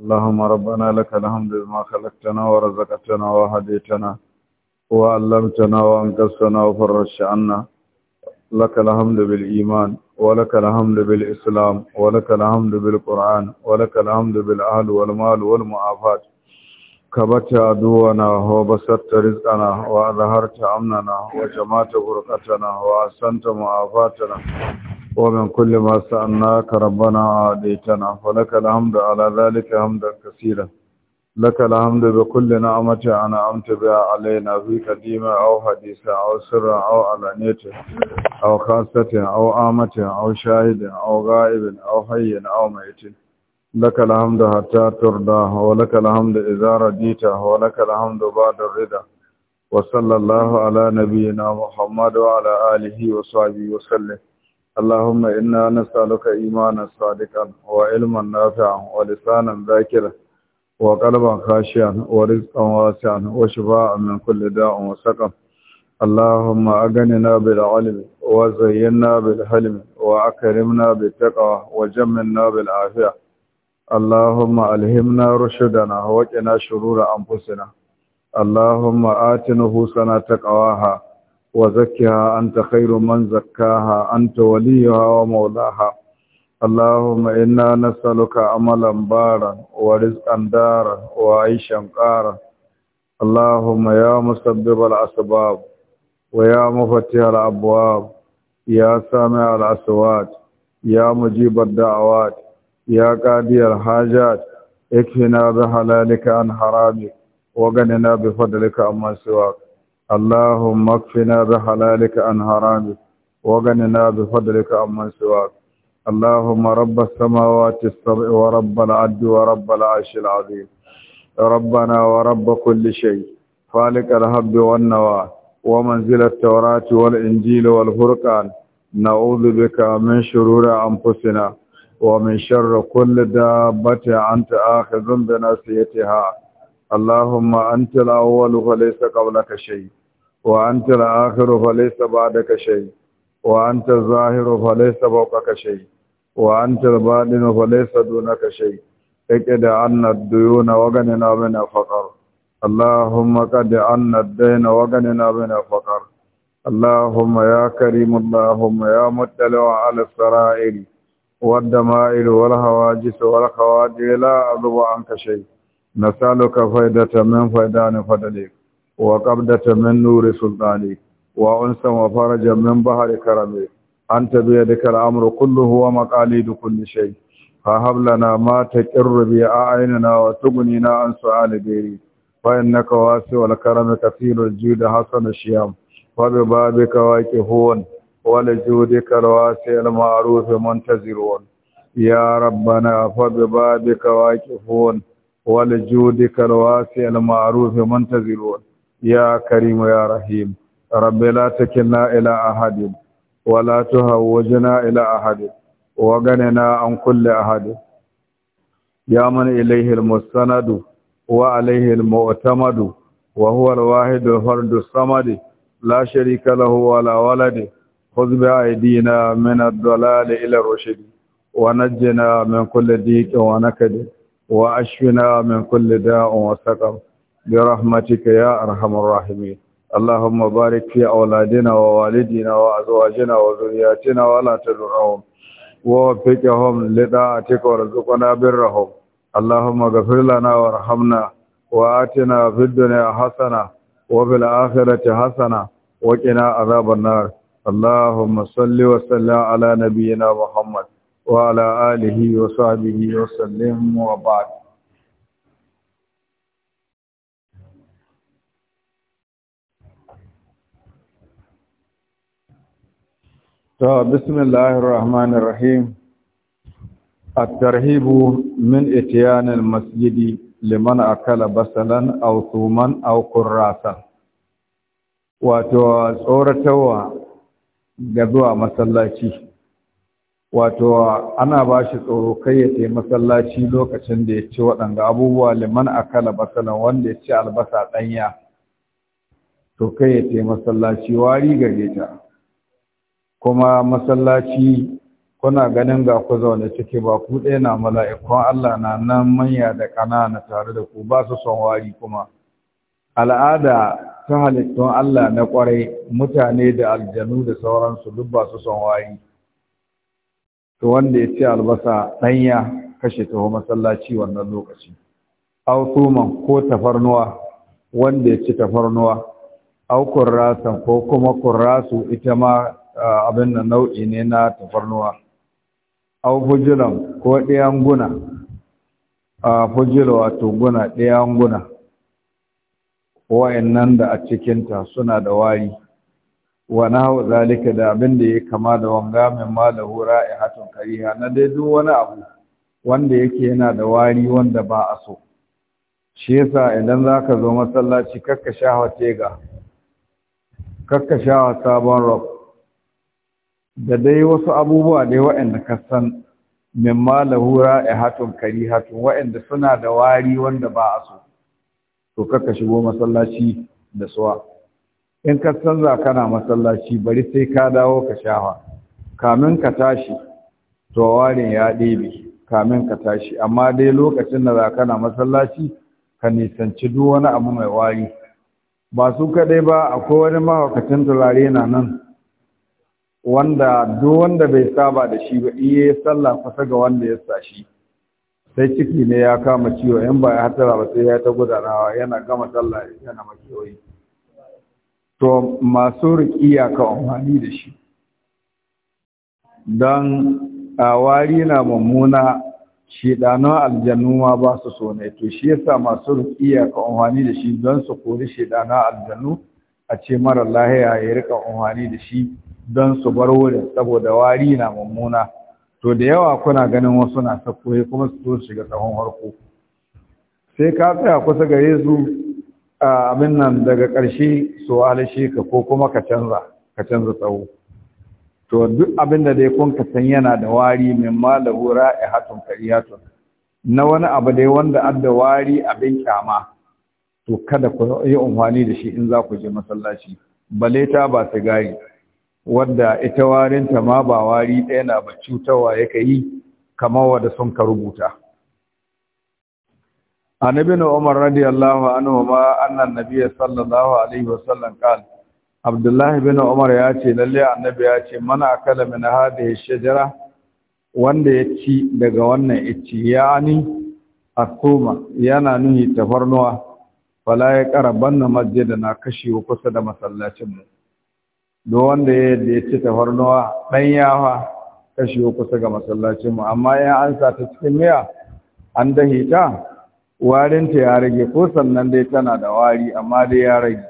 اللهم ربنا لك الحمد بما خلقتنا ورزقتنا وهديتنا وعلمتنا وانقذتنا وفرجت عنا لك الحمد بالإيمان ولك الحمد بالإسلام ولك الحمد بالقرآن ولك الحمد بالأهل والمال والمعافات كبت عدونا وبسطت رزقنا وأظهرت أمننا وجمعت بركتنا وأحسنت معافاتنا ومن كل ما سألناك ربنا عاديتنا فلك الحمد على ذلك حمدا كثيرا لك الحمد بكل نعمة أنا أمت بها علينا في قديمة أو حديثة أو سرة أو علانية أو خاصة أو آمة أو شاهد أو غائب أو حي أو ميت لك الحمد حتى ترضى ولك الحمد إذا رديت ولك الحمد بعد الرضا وصلى الله على نبينا محمد وعلى آله وصحبه وسلم اللهم إنا نسألك إيمانا صادقا وعلما نافعا ولسانا ذاكرا وقلبا خاشعا ورزقا واسعا وشفاء من كل داء وسقم اللهم أغننا بالعلم وزينا بالحلم وأكرمنا بالتقوى وجملنا بالعافية اللهم ألهمنا رشدنا وقنا شرور أنفسنا اللهم آت نفوسنا تقواها وزكها أنت خير من زكاها أنت وليها ومولاها اللهم إنا نسألك عملا بارا ورزقا دارا وعيشا قارا اللهم يا مسبب الأسباب ويا مفتح الأبواب يا سامع الأصوات يا مجيب الدعوات يا قاضي الحاجات اكفنا بحلالك عن حرامك وغننا بفضلك عمن سواك اللهم اكفنا بحلالك عن حرامك وغننا بفضلك عمن سواك اللهم رب السماوات السبع ورب العد ورب العرش العظيم ربنا ورب كل شيء خالق الهب والنوى ومنزل التوراة والإنجيل والفرقان نعوذ بك من شرور أنفسنا ومن شر كل دابة أنت آخذ بناصيتها اللهم أنت الأول وليس قبلك شيء وانت الاخر فليس بعدك شيء وانت الظاهر فليس فوقك شيء وانت zahiru فليس دونك شيء اكد عنا الديون وغننا من الفقر اللهم قد عنا الدين وغننا من الفقر اللهم يا كريم اللهم يا مطلع على السرائر والدمائر والهواجس والخواجر لا أضب عنك شيء نسألك فائدة من فيدان فضلك وقبضة من نور سلطاني وأنسا وفرجا من بحر كرمي أنت بيدك الأمر كله ومقاليد كل شيء فهب لنا ما تقر به أعيننا وتغنينا عن سؤال غيري فإنك واسع الكرم كثير الجود حسن الشيام وببابك واكهون ولجودك الواسع المعروف منتظرون يا ربنا فببابك واكهون ولجودك الواسع المعروف منتظرون ya karim rahim rabbi la takilna ila ahadin wa la tuhawwijna ila ahadin wa ganina an kulle ahadin ya man ilayhi almustanadu wa alayhi almu'tamadu wa huwa alwahid alfardu samad la sharika lahu wa la walad khudh bi aydina min ad-dalal ila rushd wa najjina min kulle dik wa nakad wa ashfina min kulli da'in wa saqam برحمتك يا أرحم الراحمين اللهم بارك في أولادنا ووالدنا وأزواجنا وذرياتنا ولا تدعهم ووفقهم لطاعتك ورزقنا برهم اللهم اغفر لنا وارحمنا وآتنا في الدنيا حسنة وفي الآخرة حسنة وقنا عذاب النار اللهم صل وسلم على نبينا محمد وعلى آله وصحبه وسلم وبعد To, bismillahir rahmanir rahim. الترهيب من اتيان liman akala basalan aw tuman aw qurrasa wato tsoratawa ga zuwa masallaci wato ana bashi tsoro kai ya tafi masallaci lokacin da ya ci waɗanda abubuwa liman akala basalan wanda ya ci albasa ɗanya to kai ya tafi masallaci wari gareta. kuma masallaci kuna ganin ga ku zaune ciki ba ku ɗaya na mala'ikun Allah na nan manya da ƙanana tare da ku ba su son wari kuma al'ada ta halittun Allah na ƙwarai mutane da aljanu da sauransu duk ba su son wari to wanda ya ce albasa ɗanya kashe taho masallaci wannan lokaci autuman ko tafarnuwa wanda ya ci tafarnuwa au kurrasan ko kuma kurrasu ita ma abin nan nau'i ne na tafarnuwa au fujilan ko ɗayan guna a fujila wato guna ɗayan guna wa'annan da a cikinta suna da wari wa nahu zalika da abin da ya kama da wanga min malahu ra'ihatun kariha na dai duk wani abu wanda yake yana da wari wanda ba a so shi yasa idan zaka zo masallaci kakka shawa tega kakka shawa sabon rob da dai wasu abubuwa dai waɗanda ka san min hatun kari hatun waɗanda suna da wari wanda ba a so to kaka shigo masallaci da suwa in ka san za kana masallaci bari sai ka dawo ka shafa kamin ka tashi to warin ya ɗebe kamin ka tashi amma dai lokacin da za kana masallaci ka nisanci duk wani abu mai wari ba su kaɗai ba akwai wani mahaukacin turare na nan wanda duk wanda bai saba da shi ba iya sallah kusa ga wanda ya sa shi sai ciki ne ya kama ciwo in ba ya hatsara ba sai ya ta gudanawa yana gama sallah yana makiyoyi to masu riƙiya ka amfani da shi don a wari na mummuna shidanon aljannu ma ba su so ne to shi yasa masu ya ka amfani da shi don su kori shidanon aljannu a ce mara lahiya ya rika amfani da shi don su bar wurin saboda wari na mummuna to da yawa kuna ganin wasu na sakkoye kuma su zo shiga tsawon harko sai ka tsaya kusa gare su abin nan daga ƙarshe su shi ka ko kuma ka canza ka canza tsawo to duk abin da dai kun ka san yana da wari min ma hatun kari hatun na wani abu dai wanda da wari abin kyama to kada ku yi amfani da shi in za ku je masallaci bale ta ba sigari wadda ita warinta ma ba wari ɗaya na ba cutarwa yake yi kamar wadda sun ka rubuta Nabi na umar radiyallahu anhu ma annan nabi sallallahu alaihi wasallam qal abdullahi bin umar ya ce lalle annabi ya ce mana akala min hadhihi shajara wanda ya ci daga wannan icci yani asuma yana nuni tafarnuwa fala ya qarabanna masjidana kashi kusa da masallacin mu da wanda ya yadda ya ce tafarnuwa ɗan yawa kashiyo kusa ga masallacinmu amma in an sa ta cikin miya an dahi ta warinta ya rage ko sannan dai tana da wari amma dai ya rage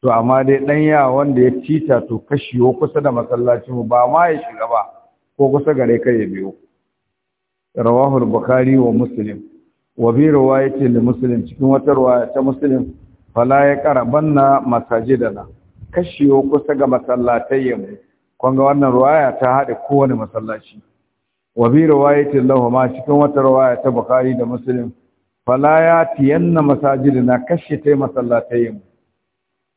to amma dai ɗan yawa wanda ya cita to kusa da masallacinmu ba ma ya shiga ba ko kusa gare kai ya biyo rawahul bukhari wa muslim wa bi ce li muslim cikin wata riwaya ta muslim fala ya banna masajidana kashewo kusa ga masallatayyanmu kun ga wannan ruwaya ta haɗa kowane masallaci wa bi riwayatin ma cikin wata ruwaya ta bukhari da muslim fala ya tiyanna masajidina kashe tai masallatayyanmu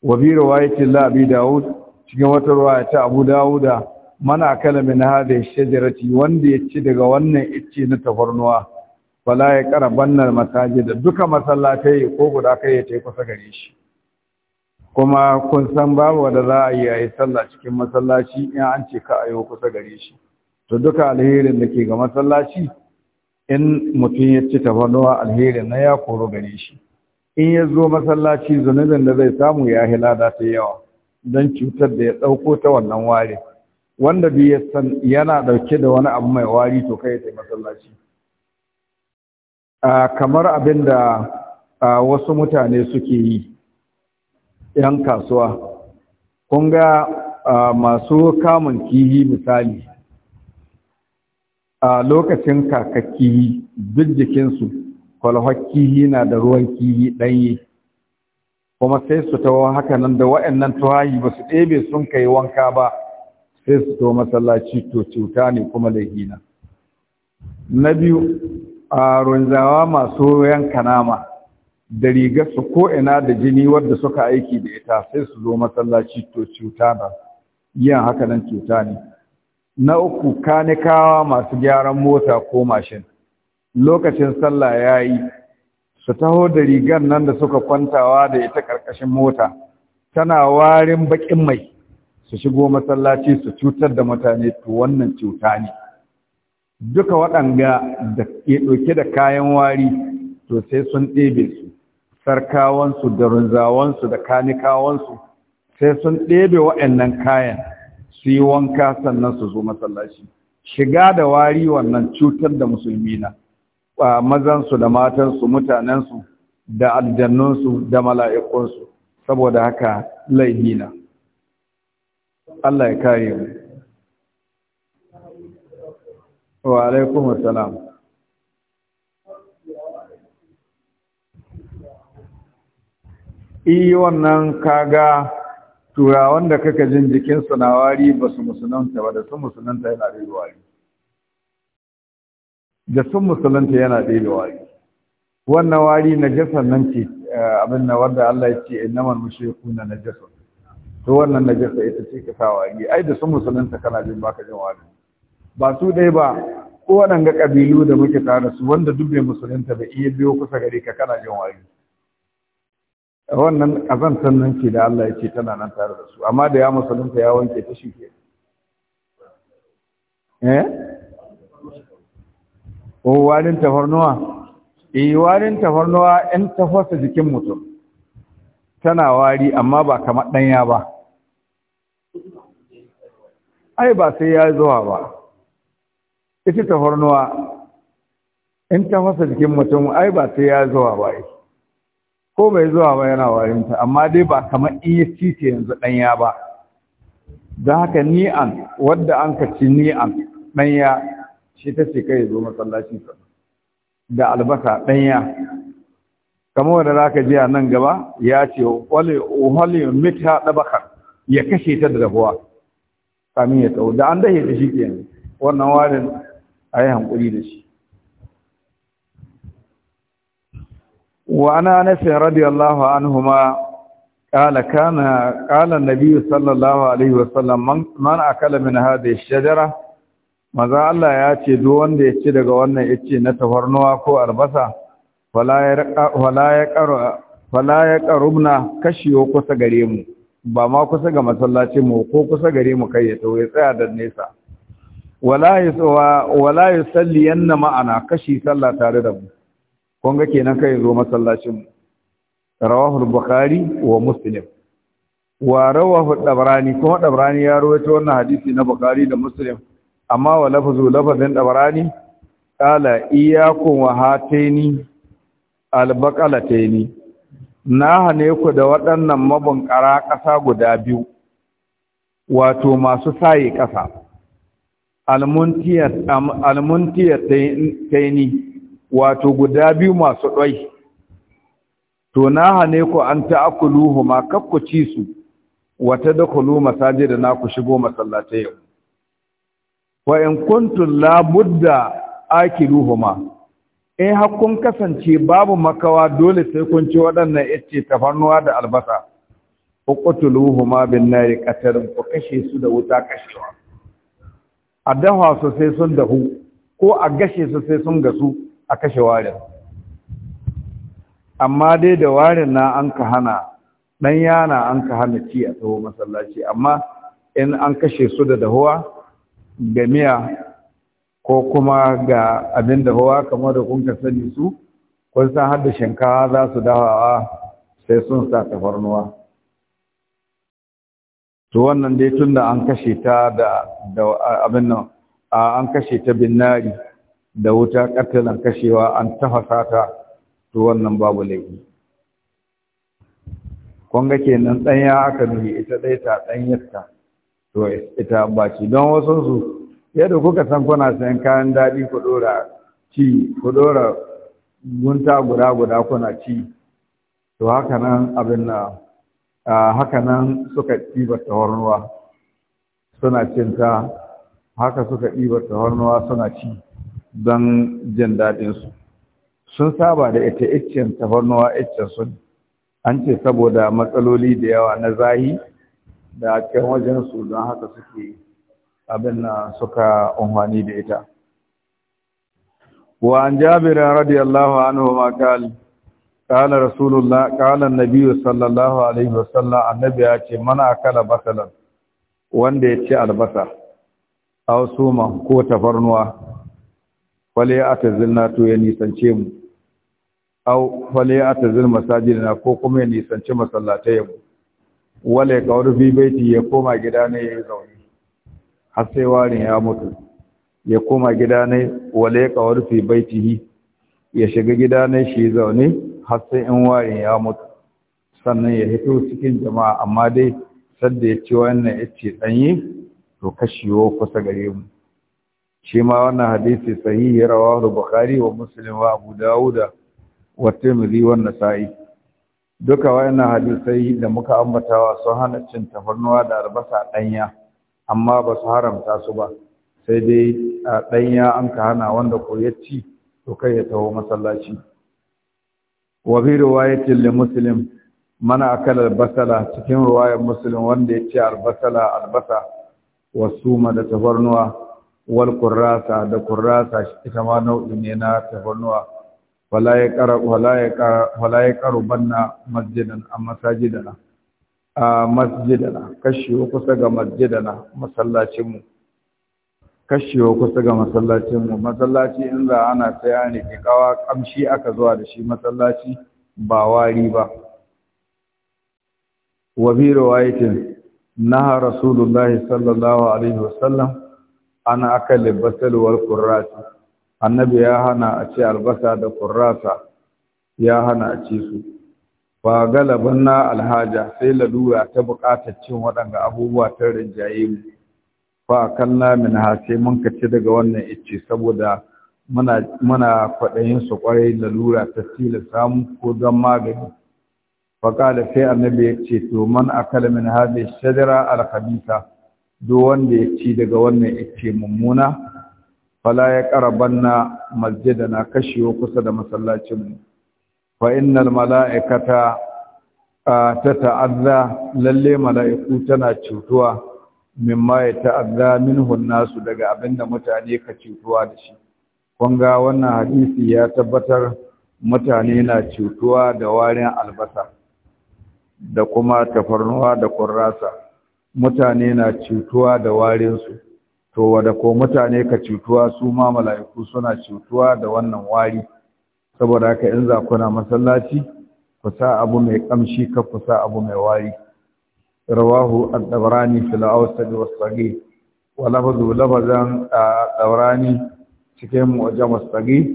wa bi riwayatin la bi daud cikin wata ruwaya ta abu dauda mana kala min hadhihi shajarati wanda ya ci daga wannan icce na tafarnuwa fala ya karaban masajid duka masallatai ko guda kai ya tai kusa gare shi kuma kun san babu wanda za a yi a yi sallah cikin masallaci in an ce ka a yi kusa gare shi to duka alherin da ke ga masallaci in mutum ya ci tafanuwa alherin na ya koro gare shi in ya zo masallaci zunubin da zai samu ya lada ta yawa don cutar da ya ɗauko ta wannan wari, wanda bi ya san yana ɗauke da wani abu mai wari to kai ta masallaci kamar abin da wasu mutane suke yi 'yan kasuwa kun ga masu kamun kihi misali a lokacin kihi, duk jikinsu kwalhar kihi na da ruwan kihi ɗanye kuma sai su tawo haka nan da wa'annan tuwayi ba su ɗebe sun kai wanka ba sai su to masallaci to cuta ne kuma laihina na biyu a runzawa masu yanka nama da su ko ina da jini wadda suka aiki da ita sai su zo masallaci to cuta ba yin haka nan cuta ne na uku kanikawa masu gyaran mota ko mashin lokacin sallah ya yi su taho da rigar nan da suka kwantawa da ita ƙarƙashin mota tana warin baƙin mai su shigo masallaci su cutar da mutane to wannan cuta ne duka waɗanga da ke ɗauke da kayan wari to sai sun ɗebe su sarkawansu da runzawansu da kanikawansu sai sun ɗebe wa'annan kayan su yi wanka sannan su zo masallaci shiga da wari wannan cutar da musulmi na mazansu da matansu mutanensu da aljannunsu da mala'ikunsu saboda haka laifi na Allah ya kare mu wa salam. iya eh, wannan kaga turawan da kaka jin jikinsu na wari ba su musulunta ba da sun musulunta yana ɗaya wari da sun musulunta yana ɗaya wari wannan wari na jasar nan ce eh, abin na wanda Allah ya ce kuna na jasar to wannan na jasar ita ce ka sa wari ai da sun musulunta kana jin baka jin wari ba su dai ba ko ga kabilu da muke tare su wanda duk musulunta ba iya biyo kusa gare ka kana jin wari wannan ƙazantar nan ke da Allah ya ce tana nan tare da su amma da ya musulunta ya wanke ta shi ke eh Oh, warin tafarnuwa eh warin tafarnuwa in ta fasa jikin mutum tana wari amma ba kamar ɗanya ba ai ba sai ya zuwa ba ita tafarnuwa in ta fasa jikin mutum ai ba sai ya zuwa ba ita ko bai zuwa ba yana warinta amma dai ba kamar in e ya yanzu ɗanya ba don haka ni'an wadda an ka ci ni'an ɗanya shi ta ce kai zo masallaci da albasa ɗanya kamar wanda za ka ji a nan gaba ya ce wale mita ɗabakar ya kashe ta da rabuwa kamin ya tsawo da an dahe ta shi kenan wannan warin a yi da shi وعن انس رضي الله عنهما قال كان قال النبي صلى الله عليه وسلم من, من اكل من هذه الشجره maza Allah ya ce duk wanda ya ci daga wannan ice na tafarnuwa ko albasa Wala ya karubna kashiyo kusa gare mu ba ma kusa ga masallaci mu ko kusa gare mu kai ya tsawo ya tsaya da nesa wala ya salli yanna ma'ana kashi sallah tare da mu Kunga kenan kai zo masallacin rawahu bukhari wa muslim wa rawahu dabrani kuma dabrani ya rawaito wannan hadisi na bukhari da muslim amma wa lafzu lafzin dabrani qala iyyakum wa hataini albaqalataini na hane ku da waɗannan mabunkara ƙasa guda biyu wato masu saye ƙasa almuntiyat almuntiyat taini wato guda biyu masu ɗwai to na hane ku an ta'akuluhu ma kakku ci su wata da dakulu da na ku shigo masallatai yau wa in kuntum la budda akiluhuma in hakkun kasance babu makawa dole sai kun ci waɗannan ce tafarnuwa da albasa uqtuluhuma bin nari ƙasarin ku kashe su da wuta kashewa a dafa su sai sun dahu ko a gashe su sai sun gasu a kashe warin amma dai da warin na an ka hana ɗan yana an ka hana ci a taho masallaci amma in an kashe su da dahuwa ga miya ko kuma ga abin dahuwa kamar da kun ka sani su kun san har shinkawa za su dawawa sai sun sa tafarnuwa to wannan dai tun da an kashe ta da abin nan an kashe ta binnari da wuta katalan kashewa an tafasa ta to wannan babu laifi kwanga kenan ɗanya aka nuhi ita ɗai ta ɗanyarta to ita ba ci don wasu su yadda kuka san kuna sayan kayan daɗi ku ɗora ci ku ɗora gunta guda guda kuna ci to haka nan abin na haka nan suka ɗiba hornuwa suna cinta haka suka ɗiba hornuwa suna ci don jin daɗinsu sun saba da ita iccen tafarnuwa iccen sun an ce saboda matsaloli da yawa na zahi da can wajensu don haka suke abin na suka unhwani da ita an جابر رضي الله عنهما قال قال رسول الله قال النبي صلى الله عليه وسلم النبي ya ce mana akala basalan wanda ya ci albasa aw suma ko tafarnuwa fale ya atazilna to ya nisance mu au fale ya atazil masajidina ko kuma ya nisance masallatai mu wale ka rufi baiti ya koma gida ne ya zaune har sai warin ya mutu ya koma gida ne wale ka rufi baitihi ya shiga gida ne shi zaune har sai in warin ya mutu sannan ya hito cikin jama'a amma dai sadda ya ci wannan ya ce ɗanyi to kashewa kusa gare mu shi ma wannan hadisi sahihi rawahu bukhari wa muslim wa abu dauda wa tirmidhi wa nasa'i duka wannan hadisai da muka ambatawa sun hana cin tafarnuwa da albasa danya amma ba su haramta su ba sai dai a danya an ka hana wanda ko ya ci to kai ya taho masallaci wa bi riwayatin li muslim mana akala albasala cikin riwayar muslim wanda ya ci albasala albasa wasu ma da tafarnuwa wal kurrasa da kurrasa ita ma nau'i ne na tafarnuwa wala ya karu wala ya banna masjidan a masajidana a masjidana kashewa kusa ga masjidana masallacinmu kashewa kusa ga masallacinmu masallaci in za ana saya ne ke kawa kamshi aka zuwa da shi masallaci ba wari ba wa bi riwayatin na rasulullahi sallallahu alaihi wasallam ana aka libasal wal annabi ya hana a ci albasa da kurrasa ya hana a ci su ba galaban na alhaja sai lalura ta buƙatar cin waɗanda abubuwa ta rinjaye mu Ba a kan ha sai mun kace daga wannan icce saboda muna muna kwaɗayin su kwarai lalura ta tilasta samun ko don magani fa sai annabi ya ce to man akala min hadhihi al duk wanda ya ci daga wannan ice mummuna fala ya masjida na kashewa kusa da masallacin mu fa innal mala'ikata ta ta'adda lalle mala'iku tana cutuwa ma ya ta'adda minhu nasu daga abinda mutane ka cutuwa da shi kun ga wannan hadisi ya tabbatar mutane na cutuwa da warin albasa da kuma tafarnuwa da kurrasa mutane na cutuwa da warinsu to wada ko mutane ka cutuwa su ma mala'iku suna cutuwa da wannan wari saboda haka in za kuna masallaci ku sa abu mai kamshi ka ku sa abu mai wari rawahu ad-dabrani fil awsad wa sagi wa lafzu lafzan dabrani cikin mu'jam as-sahih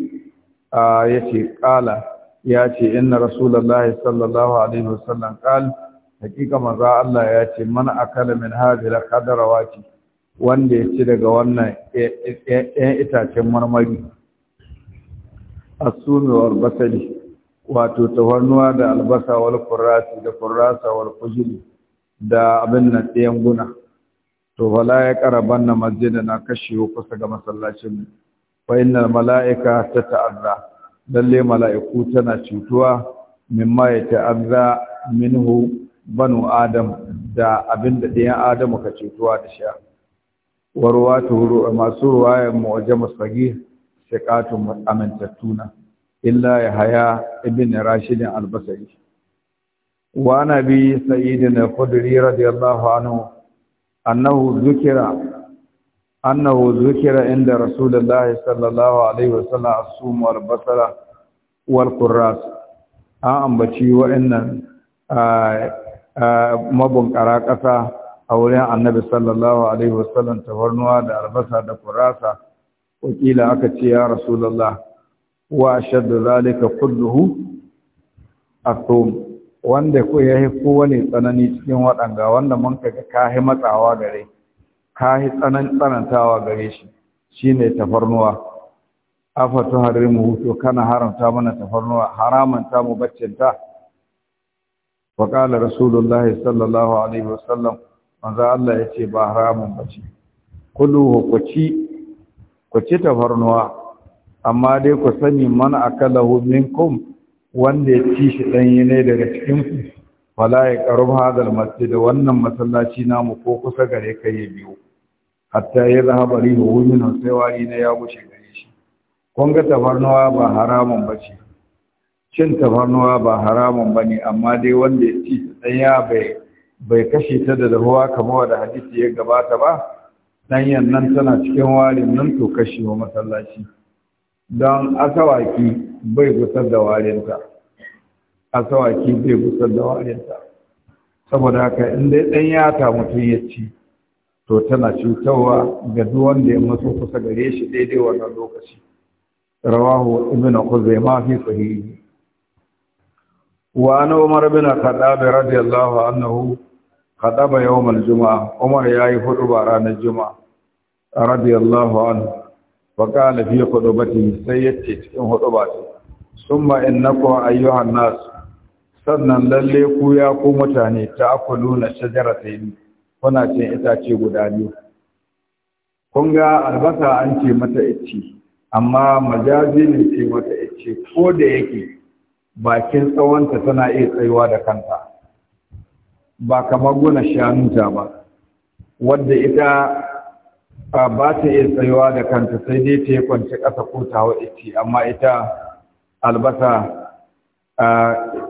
yace qala yace inna rasulullahi sallallahu alaihi wasallam qala hakika maza Allah ya ce man akala min hadhihi al-qadrawati wanda ya ci daga wannan 'yan itacen marmari asumi wal basali wato tawarnuwa da albasa wal furrasi da furrasa wal da abin nan ɗayan guna to wala ya karaban na masjida na kashewa kusa ga masallacin mu fa innal mala'ika tata'azza lalle mala'iku tana cutuwa mimma ya ta'azza minhu banu adam da abin da ɗayan adamu ka cutuwa da sha warwa turu masu ruwayan masfagi musagir siqatun amintattuna illa haya ibn Rashidin al-basri wa nabi sayyidin al-khudri radiyallahu anhu annahu zukira annahu zukira inda rasulullah sallallahu alaihi wasallam as-sum wal basara wal qurras an ambaci wa'annan ah, mabunkara ƙasa a wurin annabi sallallahu alaihi wasallam tafarnuwa da albasa da kurasa wakila aka ce ya rasulullah wa shaddu zalika kulluhu asum wanda ko yayi kowane tsanani cikin waɗanga wanda mun kaga kahi matsawa gare kahi tsanan tsanantawa gare shi shine tafarnuwa afatu harimu to kana haramta mana tafarnuwa haraman ta mu baccinta wa qala rasulullah sallallahu alaihi wasallam manzo Allah yace ba haramun bace kulu ku ci tafarnuwa amma dai ku sani man akalahu minkum wanda ya ci shi yi ne daga cikin ku wala ya qarub hadal masjid wannan masallaci namu ko kusa gare kai ya biyo hatta ya zahaba rihu min sai wari ne ya gushe gare shi kun ga tafarnuwa ba haramun bace cin tafarnuwa ba haramun ba ne amma dai wanda ya ci ta tsaya bai kashe ta da dahuwa kamar wadda hadisi ya gabata ba ɗanyen nan tana cikin warin nan to kashe wa masallaci don asawaki bai gusar da warinta asawaki bai gusar da warinta saboda haka in dai ɗan ta mutum ya ci to tana cutarwa ga duk wanda ya maso kusa gare shi daidai wannan lokaci rawahu ibnu khuzaimah fi sahihi وانا عمر بن خطاب رضي الله عنه خطب يوم الجمعة عمر ياي خطبة ران الجمعة رضي الله عنه وقال في خطبته سيدتي cikin خطبات ثم انكو ايها الناس sannan lalle ku ya ku mutane ta ta'kuluna shajaratayn kuna cin itace guda biyu kun ga albasa an ce mata ice amma majazi ne ce mata ice ko da yake bakin tsawonta tana iya tsayuwa da kanta ba kamar gona ta ba wadda ita ba ta iya tsayuwa da kanta sai dai ta yi kwanci ƙasa ko ta hau ici amma ita albasa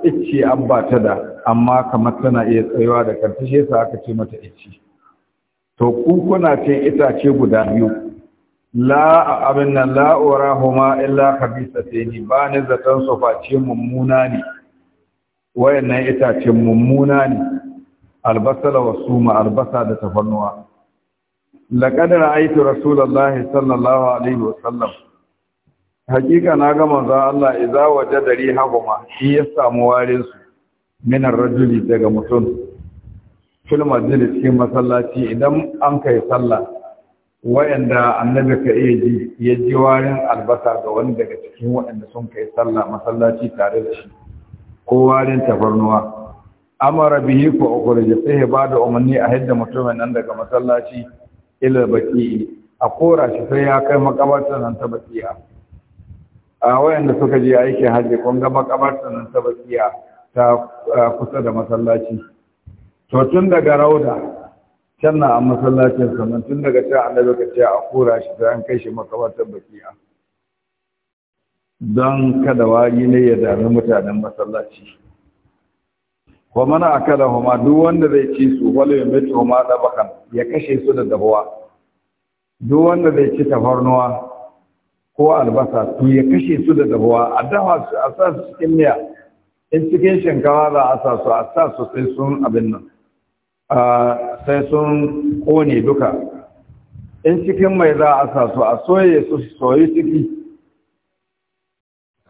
ici an ba ta da amma kamar tana iya tsayuwa da kanta shi yasa aka ce mata ici to kun kuna cin itace guda biyu la abin nan la'ura huma illa kabisa ni ba ni zaton su face mummuna ne wayan wayannan itacen mummuna ne albasa da wasu albasa da tafarnuwa laƙadar aiki rasulallahi sallallahu alaihi wasallam hakika na gama za Allah idza hagu ma, shi ya samu warin su min rajuli daga mutum filmar jirgin cikin masallaci idan an kai sallah wayanda annabi ka iya ji ya ji warin albasa ga wani daga cikin wayanda sun kai sallah masallaci tare da shi ko warin tafarnuwa amara bihi ko ukhrij sai ba da umarni a hidda mutumin nan daga masallaci ila baki a kora shi sai ya kai makabarta nan ta a wayanda suka je aikin hajji kun ga makabarta nan ta bakiya ta kusa da masallaci to tun daga rauda can na a masallacin sannan tun daga can an daga ce a kura shi sai an kai shi makabartar bakiya don kada wari ne ya dami mutanen masallaci wa mana kada homa duk wanda zai ci su wala homa na bakan ya kashe su da dabuwa duk wanda zai ci tafarnuwa ko albasa su ya kashe su da dabuwa a dawa su a sa su cikin miya in cikin shinkawa za a sa su a sa su sai sun abin nan sai sun ƙone duka in cikin mai za a sa su a soye su soyi ciki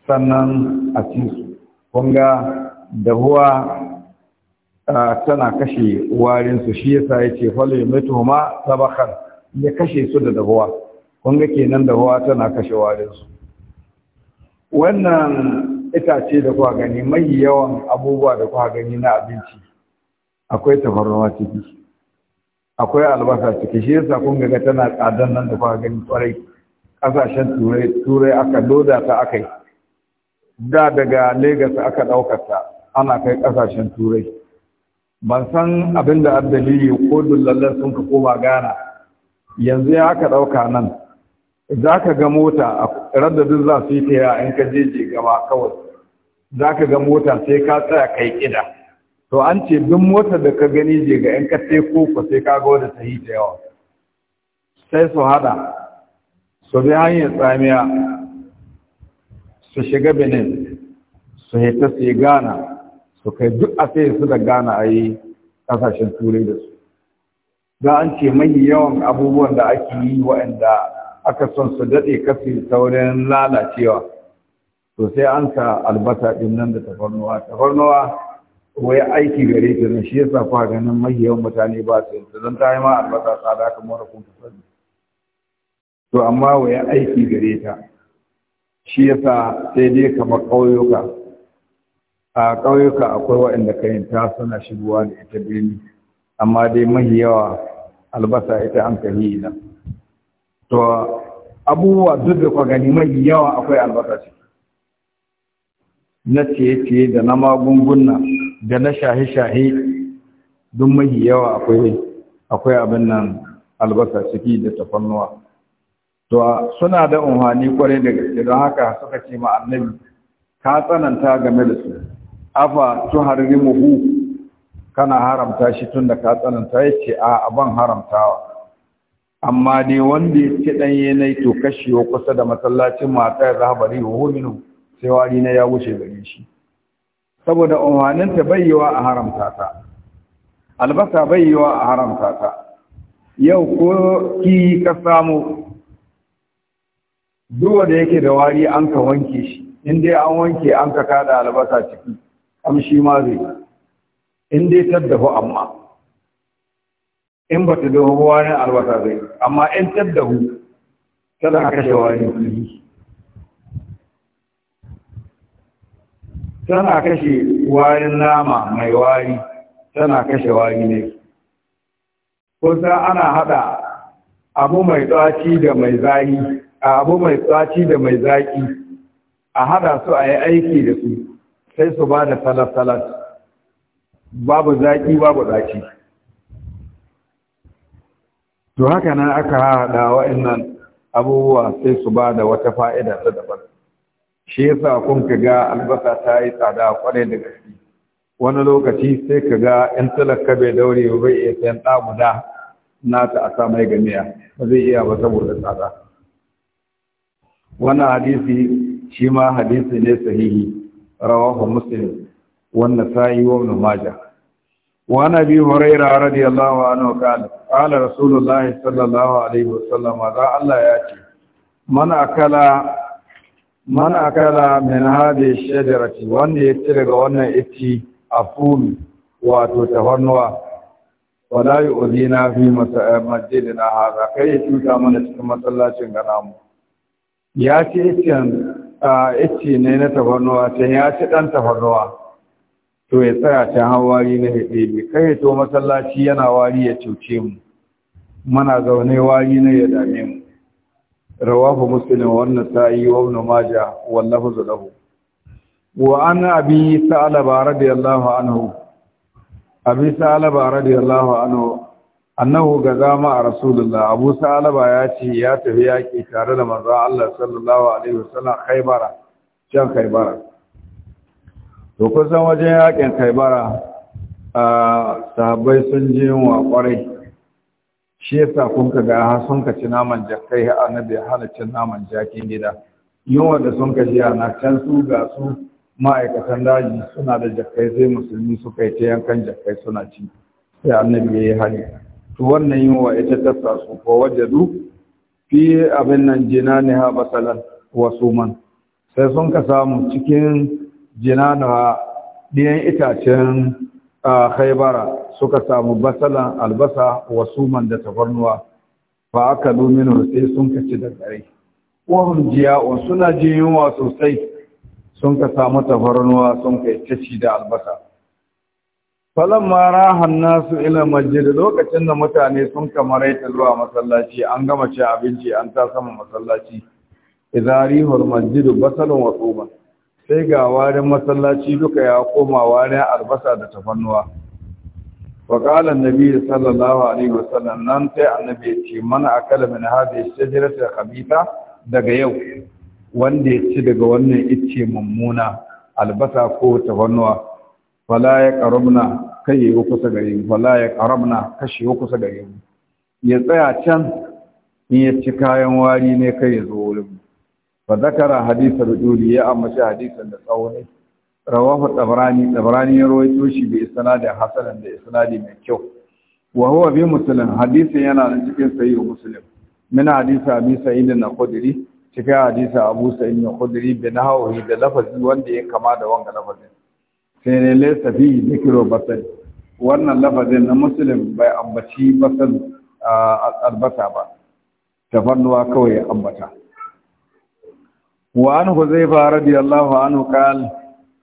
sannan a ci su kunga da huwa tana kashe warinsu shi yasa ya ce falo ya mai tuhuma sabakar ya kashe su da dahuwa kunga kenan huwa tana kashe warinsu wannan itace da kuwa gani mai yawan abubuwa da kuwa gani na abinci akwai tafarnuwa ciki akwai albasa ciki shi yasa kun ga tana tsadan nan da kuka gani kwarai kasashen turai turai aka loda ta akai da daga Legas aka daukar ta ana kai kasashen turai ban san abin da ne ko dullallar sun ka koma gana yanzu ya aka dauka nan za ka ga mota a radda duk za su yi ta in ka je je gaba kawai za ka ga mota sai ka tsaya kai kida to an ce duk motar da ka gani je ga ‘yan ko koko sai ka ga wanda ta ta yawa sai su hada su bi hanyar tsamiya su shiga benin su heta su yi gana su kai duk a sai su da gana a yi ƙasashen turai da su za an ce mai yawan abubuwan da ake yi waɗanda aka son su daɗe kafin saurin lalacewa to sai an sa albasa ɗin da tafarnuwa tafarnuwa wai aiki gare ta zan shi yasa kuwa ganin yawan mutane ba su yanzu zan ta yi ma albasa tsada kamar kun ta sani to amma wai aiki gare ta shi yasa sai dai kamar ƙauyuka a ƙauyuka akwai waɗanda ka yin ta suna shigowa da ita birni amma dai mahi yawa albasa ita an kahi ina to abubuwa duk da kwa gani mahi yawa akwai albasa ciki na ciye-ciye da na magungunan. da na shahe-shahe don mahi yawa akwai abin nan albasa ciki da tafannuwa to suna da umarni kwarai da gaske don haka suka ce ma annabi ka tsananta game da su afa muhu kana haramta shi tun da ka tsananta ya ce a ban haramtawa amma dai wanda ya ce ɗanye na to kashewa kusa da masallacin mata ya zahabari wa hominu sai wari na ya wuce gare shi saboda umarninta bayyawa a haramta ta albasa bayyawa a haramta ta yau ko ki ka samu duwa da yake da wari an ka wanke shi in dai an wanke an ka kada albasa ciki kamshi ma zai in dai ta dahu amma in ba ta dahu wani albasa zai amma in ta dahu tana kashe wari tana kashe warin nama mai wari tana kashe wari ne kusa ana hada abu mai tsaci da mai zahi abu mai tsaci da mai zaki a hada su a yi aiki da su sai su ba da salat-salat babu zaki babu zaki to haka nan aka hada wa'annan abubuwa sai su ba da wata fa'ida ta daban shi yasa kun ka ga albasa ta yi tsada kwarai da gaske wani lokaci sai ka ga yan talaka bai daure ba bai iya sayan ɗa guda nata a sa mai gamiya ba zai iya ba saboda tsada wannan hadisi shi ma hadisi ne sahihi rawahu muslim wannan sa'i wa ibn majah وعن ابي هريره رضي الله عنه قال قال رسول الله صلى الله عليه وسلم ذا الله ياتي من اكل man akala min hadhihi shajarati wanda ya ci daga wannan itti afumi wato tafarnuwa wala yu'zina fi eh, masjidina hadha kai ya cuta mana cikin masallacin gana mu ya ci iccen icce ne na tafarnuwa Sai ya ci dan tafarnuwa to ya tsaya can hawari na ne, kai ya to masallaci yana wari ya cuce mu muna zaune wari na ya dame mu rawahu muslim wannan ta yi wa ibn majah wallahu zalahu wa an abi ba radiyallahu anhu abi ba radiyallahu anhu annahu gaza a rasulullah abu ba ya ce ya tafi yaki tare da manzo Allah sallallahu alaihi wasallam khaybara can khaybara to kusan wajen yakin khaybara sahabbai sun ji wa kwarai shi yasa kun ka ga sun ka ci naman jakai annabi bai hana cin naman jakin gida yunwa da sun ka jiya na can su ga su ma'aikatan daji suna da jakai sai musulmi suka yi ta yankan jakai suna ci sai annabi ya yi hali to wannan yunwa ita ta sa su ko du fi abin nan jina ha basalan wasu suman sai sun ka samu cikin jina da ɗiyan itacen ah, khaibara suka samu basalan albasa wa suman da tafarnuwa fa aka domin sai sun kaci da gare wahum jiya'un suna jiyuwa sosai sun ka samu tafarnuwa sun kai da albasa falamma rahan hannasu ila masjid lokacin da mutane sun kamaraita zuwa masallaci an gama ci abinci an ta sama masallaci hur masjid basalun wa suman sai ga warin masallaci duka ya koma warin albasa da tafarnuwa. وقال النبي صلى الله عليه وسلم ننت النبي تي من اكل من هذه الشجره الخبيثه daga yau wanda ya ci daga wannan ice mummuna albasa ko tafannuwa fala ya karabna kai kusa gare mu ya kashi yi kusa gare mu ya tsaya can in ya ci kayan wari ne kai ya zo wurin fa zakara hadisa rujuli ya ammaci hadisan da tsawo rawahu tabrani tabrani ya rawaito shi bi isnadin hasanan da isnadi mai kyau wa huwa bi muslim hadisin yana nan cikin sahih muslim min hadisi abi sa'id na khudri cikin hadisi abu sa'id na khudri bi nahwi da lafazi wanda ya kama da wanga lafazin sai ne laysa fi dhikru basal wannan lafazin na muslim bai ambaci basal albasa ba tafannuwa kawai ambata wa an huzaifa radiyallahu anhu qala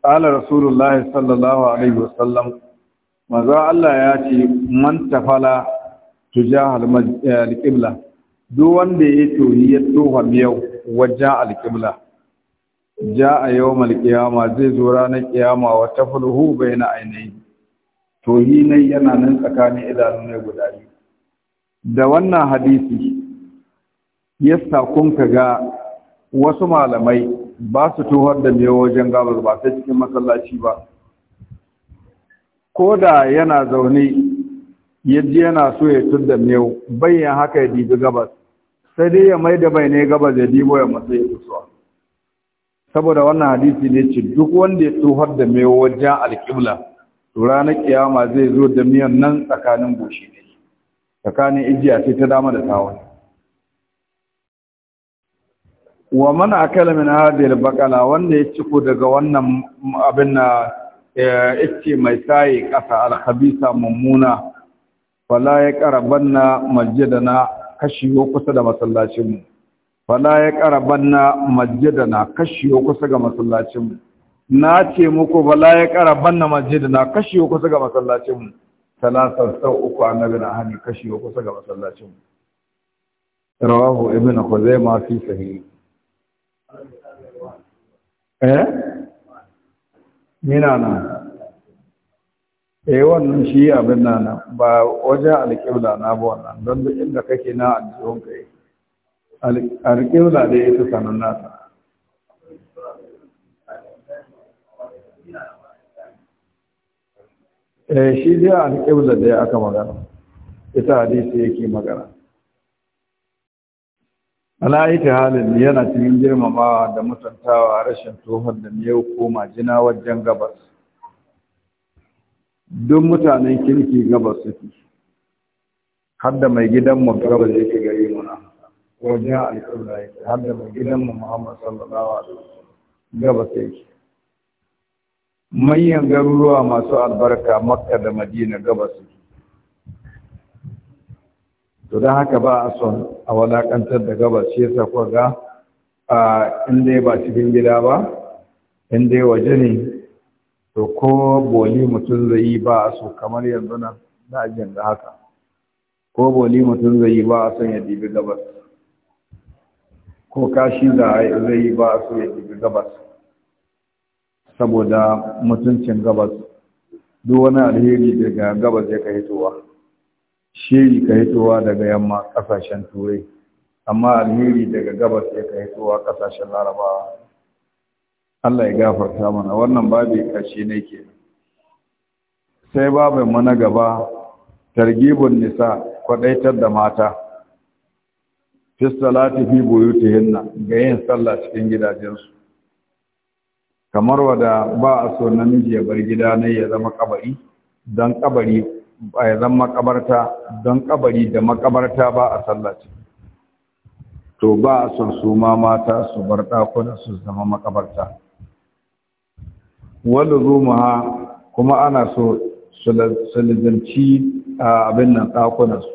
Ƙala rasulullahi sallallahu alaihi wasallam Maza Allah ya ce man tafala tujahal eh, alqibla duk wanda ya tohi ya toha miyau wajen alƙibla. ja a yau zai zo ranar kiyama wa tafulhu bai na ainihi tohi yana nan tsakanin idanu ne guda biyu da wannan hadisi yasa kun ka ga wasu malamai ba su tuhar da mai wajen gabas ba sai cikin masallaci ba ko da yana zaune yaji yana so ya da miyau bayan haka ya dibi gabas sai dai ya mai da bai ne gabas ya dibo ya matsa ya kusuwa saboda wannan hadisi ne ce duk wanda ya tuhar da miyau wajen alƙibla to ranar kiyama zai zo da miyan nan tsakanin goshi ne tsakanin ijiya sai ta dama da tawon wa man akala min hadhihi baqala wanda ya ciko daga wannan abin na yace eh, mai sai kasa al-khabisa mummuna wala ya qarabanna masjidana kashiyo kusa da masallacin mu wala ya qarabanna masjidana kashiyo kusa ga masallacin mu na ce muku wala ya qarabanna masjidana kashiyo kusa ga masallacin mu talatar sau uku annabi na hani kashiyo kusa ga masallacin mu rawahu ibnu khuzaimah fi sahih eh mina na eh wannan shi abin nan ba wajen alƙibla na ba wannan don duk inda kake na aljihun kai alƙibla da ita sanan nasa eh shi dai alƙibla da aka magana ita hadisi yake magana Ala'ika halin yana cikin girmamawa da mutuntawa rashin tsohon da ya ko majina wajen gabas duk mutanen kirki gabas suke hadda mai gidanmu gabas yake gari muna wajen alƙibla yake hadda mai gidanmu muhammad sallallahu alaihi gabas yake manyan garuruwa masu albarka makka da madina gabas suke to don haka ba a son a walakantar da gabas shi yasa kuwa ga in dai ba cikin gida ba in dai waje ne to ko boli mutum zai yi ba a so kamar yanzu nan na ajiyar da haka ko boli mutum zai yi ba a son ya dibi gabas ko kashi zai yi ba a so ya dibi gabas saboda mutuncin gabas duk wani alheri daga gabas ya ka hitowa shiri ka hitowa daga yamma ƙasashen turai amma alheri daga gabas ya ka hitowa ƙasashen larabawa Allah ya gafarta mana wannan babu ƙarshe ne ke sai babu mu na gaba targibun nisa kwadaitar da mata fi salati fi buyutihinna ga yin sallah cikin gidajensu kamar wada ba a so namiji ya bar gida na ya zama kabari don kabari ba ya zama makabarta don kabari da makabarta ba a sallaci to ba a son su ma mata su bar ɗakuna su zama makabarta Wani zumaha kuma ana so su a abin nan ɗakunansu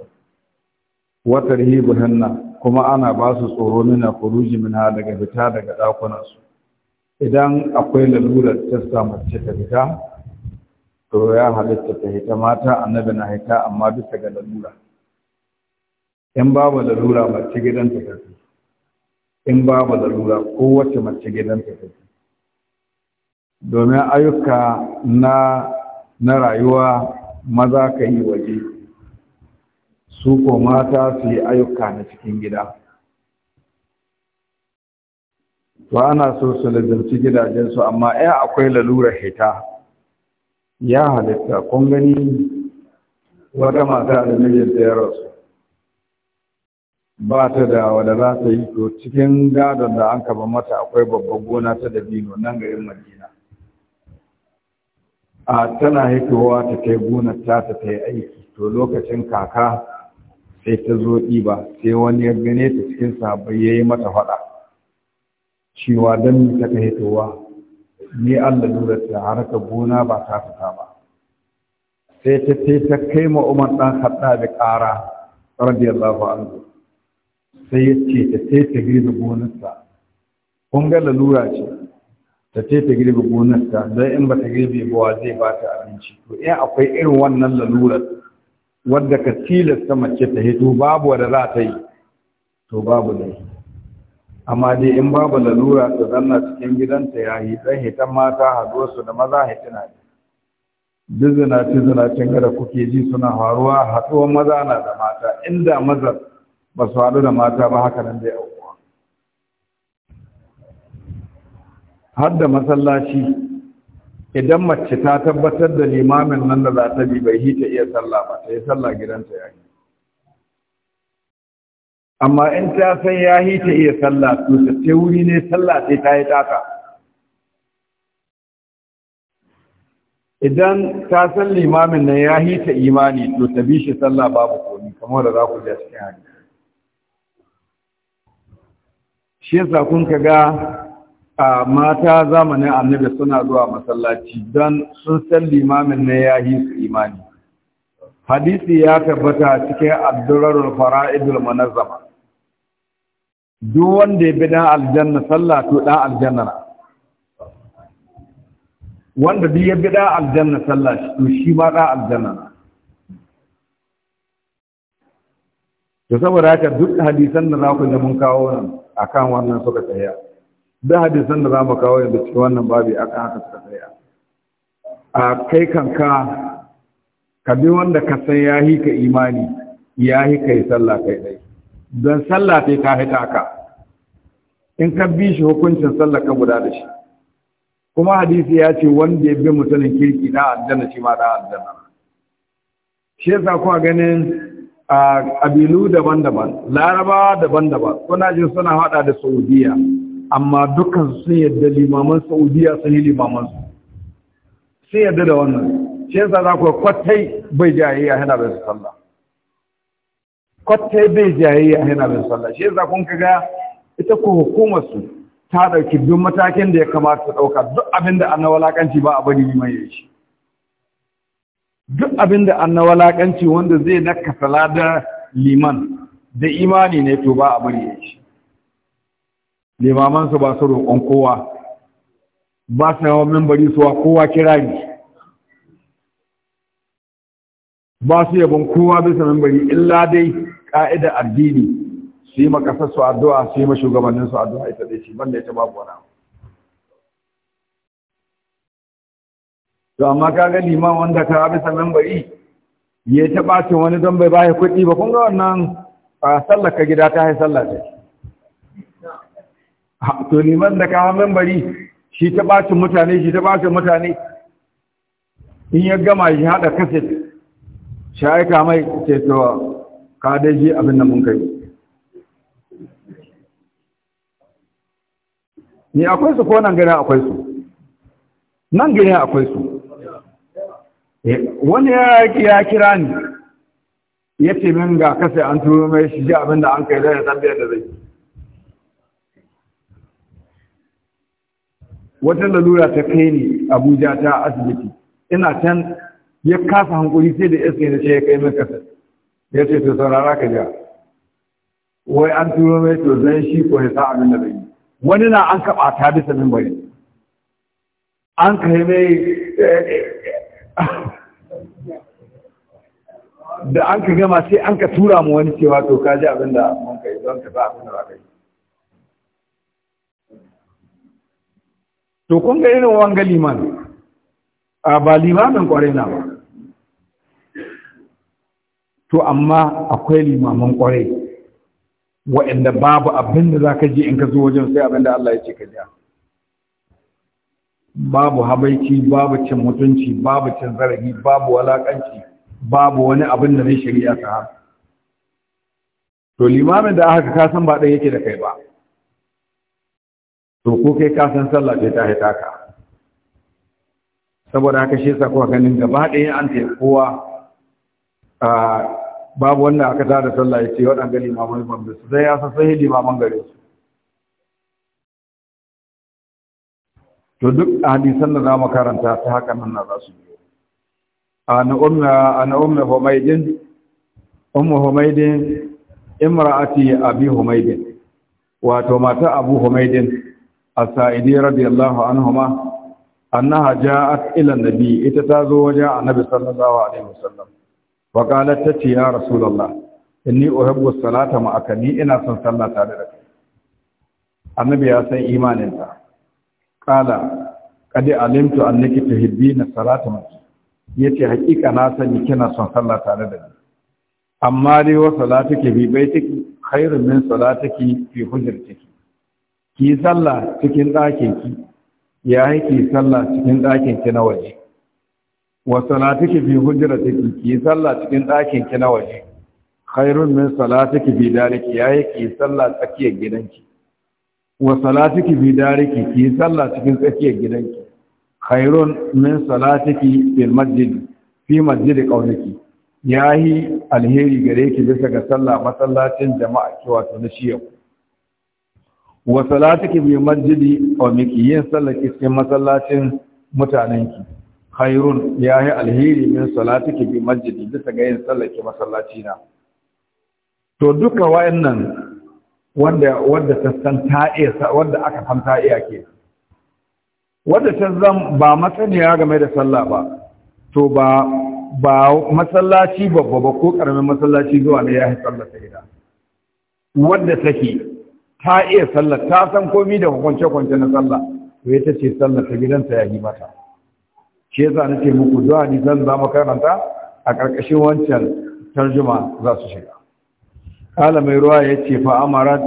wata rihibu hanna kuma ana ba su tsoro nuna kuruji mina daga fita daga ɗakunansu idan akwai lalurar ta samu ta fita to ya halitta ta hita mata annabi na hita amma bisa ga lalura in babu lalura mace gidanta ta fi in babu lalura kowace mace gidanta ta fi domin ayyuka na rayuwa maza ka yi waje su ko mata su yi ayyuka na cikin gida Ba ana so su lazarci gidajensu amma ya akwai lalurar hita ya halitta kun gani wata mata da mijinta ya rasu ba ta da wadda za ta yi to cikin gadon da an kaba mata akwai babban gona ta dabino nan garin madina a tana haifowa ta kai gonar ta ta ta yi aiki to lokacin kaka sai ta zo ba sai wani ya gane ta cikin sabai ya yi mata faɗa cewa don ta ka haifowa ni Allah lura ta harka gona ba ta fita ba sai ta ce ta kai ma Umar dan Khattab ƙara radiyallahu anhu sai ya ce ta ce ta girbe gonarsa kun ga lura ce ta ce ta girbe gonarsa don in ba ta girbe ba zai ba ta abinci to in akwai irin wannan lalura wadda ka tilasta mace ta hito babu wadda za ta yi to babu laifi amma dai in babu lalura ta zanna cikin gidanta ya yi ɗan hitan mata su da maza hitina ne duk zinace zinacen gada kuke ji suna faruwa haɗuwar maza na da mata inda maza ba su haɗu da mata ba haka nan zai aukuwa har da masallaci idan mace ta tabbatar da limamin nan da za ta bi bai hita iya sallah ba ta yi sallah gidanta ya yi amma in ta san ya yi ta iya sallah to ta ce wuri ne sallah sai ta yi taka idan ta san limamin nan ya yi ta imani to ta bi shi sallah babu komi kamar da za ku ja cikin hadisi shi yasa kun ka ga a mata zamanin annabi suna zuwa masallaci don sun san limamin na ya yi su imani hadisi ya tabbata cikin abdurrahman fara'idul munazzama duk wanda ya bi dan aljanna sallah to dan aljanna na wanda duk ya bi dan aljanna sallah to shi ma dan aljanna na to saboda haka duk hadisan da za ku ji mun kawo nan akan wannan suka tsaya duk hadisan da za mu kawo yanzu cikin wannan babi akan haka suka tsaya a kai kanka ka bi wanda ka san ya ka imani ya ka yi sallah kai ɗai don sallah ta ka haita ka in ka bi shi hukuncin sallah ka guda da shi kuma hadisi ya ce wanda ya bi mutumin kirki na aljanna shi ma da aljanna shi sa kuwa ganin a abilu daban-daban larabawa daban-daban suna jin suna hada da saudiya amma dukkan sun yadda limaman saudiya sun yi limaman su sun yadda da wannan shi sa za ku kwatai bai jayayya ya hana bai su sallah kwatta bai jayayya yana bin sallah shi yasa kun kaga ita ko hukumar su ta dauki duk matakin da ya kamata ta dauka duk abin da annawa lakanci ba a bari liman ya shi duk abin da annawa lakanci wanda zai naka ladar liman da imani ne to ba a bari ya shi limaman su ba su roƙon kowa ba su yawan membari suwa kowa kirari ba su yabon kowa bisa membari illa dai ka'ida addini su yi makasar su addu'a su yi mashugabannin su addu'a ita dai shi banda ita babu wani abu. to amma ka ga liman wanda ka bisa membari ya ta bace wani don bai baya kuɗi ba kun ga wannan a sallaka gida ta yi sallar ta to liman da ka membari shi ta bace mutane shi ta bace mutane in ya gama shi haɗa kaset shi aika mai ce to ka dai ji abin da mun kai ni akwai su ko nan gari akwai su nan gari akwai su eh, wani ya kira ni ya ce min ga kasa an turo mai shi ji abin da an kai zai biyar da zai wata lalura ta kai ni abuja ta asibiti ina can ya kasa hankuri sai da iske na shi ya kai min kasa ya ce to saurara ka ja wai an turo mai to zan shi ko ya sa abin da bai wani na an kaba ta bisa min bari an kai mai eh, da an ka gama sai an ka tura mu wani cewa to ka ji abin da mun kai don ka sa abin da kai to kun ga irin wanga man, a ba limamin kwarai na ba to amma akwai limaman ƙwarai, wa'anda babu abin da za ka ji in ka zo wajen sai abin da Allah ya ce ka ja babu habaiki, babu cin mutunci babu cin zarafi babu walakanci babu wani abin da zai shari'a ta to limamin da aka ka san ba ɗaya yake da kai ba to ko kai ka san sallah ce ta haita saboda haka shi yasa kuka ganin gaba ɗaya an tafi kowa ah, babu wanda aka tada sallah ya ce waɗanda limaman bambu su zai ya san sahi limaman gare su to duk a hadisan da za mu karanta ta haka nan na za su biyo ana umma ana umma humaydin ummu humaydin imra'ati abi humaydin wato mata abu humaydin as-sa'idi radiyallahu anhuma annaha ja'at ila an-nabi ita ta zo wajen annabi sallallahu alaihi wasallam faƙalar ta ce ya rasulullah inni uhibbu salata ma'aka ni ina son sallah tare da kai annabi ya san imaninta ƙala qad alimtu annaki na salata ya ce haƙiƙa na sani kina son sallah tare da ni amma dai wa ke bi bai ciki khairun min ki fi hujjar ciki. ki sallah cikin ɗakin ki ya yi ki sallah cikin ɗakin ki na waje wa salatiki fi take ki sallah cikin ɗakin ki na waje khairun min salatiki bi dariki yayi ki sallah tsakiyar gidanki wa salatiki bi dariki ki sallah cikin tsakiyar gidanki khairun min salatiki fil masjid fi masjid qauliki yayi alheri gare ki bisa ga sallah masallacin jama'a ki wato na shiya wa salatiki fi masjidi wa miki yin sallah cikin masallacin mutanenki khairun ya yi alheri min salatiki bi masjidi bisa ga yin sallake masallaci na to duka wayannan wanda wanda ta san ta iya wanda aka san ta iya ke wanda ta zan ba masaniya game da sallah ba to ba ba masallaci babba ba ko karamin masallaci zuwa ne ya yi sallah ta gida wanda take ta iya sallah ta san komai da hukunce-hukunce na sallah to ita ce sallah ta gidanta ya yi mata shi yasa nake muku zuwa nisan za mu karanta a ƙarƙashin wancan tarjuma za su shiga kala mai ruwa ya ce fa amara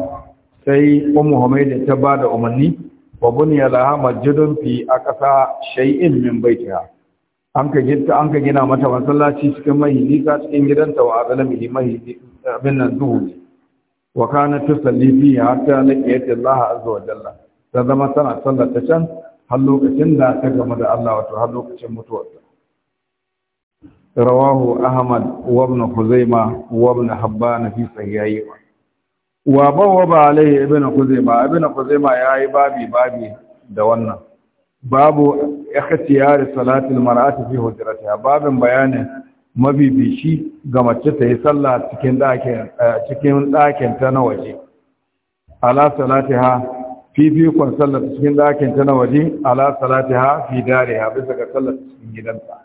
sai ummu humaida ta ba da umarni wa ya laha majidun fi ƙasa shai'in min baitiha an ka gina an ka gina mata masallaci cikin mahidika cikin gidanta wa mai mahidi abin nan duhu wa kana tusalli fi hatta yadda Allah azza wa jalla ta zama tana sallar ta can har lokacin da ta gama da Allah wato har lokacin mutuwarta rawahu ahmad wa ibn Khuzaima wa ibn habban fi sahihayi wa ba alai ibn Khuzaima ibn Khuzaima yayi babi babi da wannan babu ikhtiyar salatil mar'ati fi hujratiha babin bayanin mabibici ga mace ta yi sallah cikin ɗakin eh, cikin ɗakin ta na waje ala salatiha fifikon sallar cikin ɗakin ta na waje ala ha fi ha bisa ga sallar cikin gidanta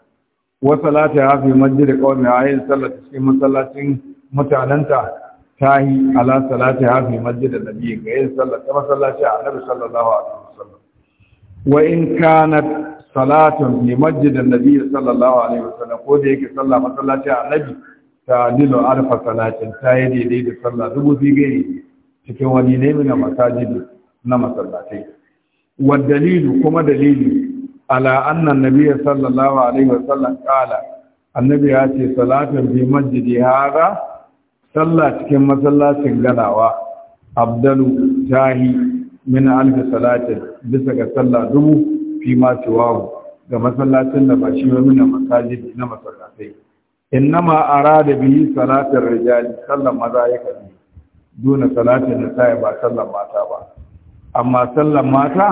wa salati ha fi kawai a ayin sallar cikin masallacin mutanenta ta yi ala ha fi da nabi ga yin sallar masallaci a annabi sallallahu alaihi wasallam wa in kana salatun fi da nabi sallallahu alaihi wasallam ko da yake sallar masallaci a nabi ta dilo arfa salatin ta yi daidai da sallah dubu biyu cikin wani ne mina masajidi na masallatai wa dalilu kuma dalili ala anna nabiyya sallallahu alaihi wasallam kala annabi ya ce salatan bi masjidi hada salla cikin masallacin ganawa abdalu tahi min alf salatin bisa ga salla dubu fi ma tiwahu ga masallacin da ba shi ba mina masallaci na masallatai innama arada bi salatar rijali sallan maza yake duna salatin nisa ba sallan mata ba amma sallan mata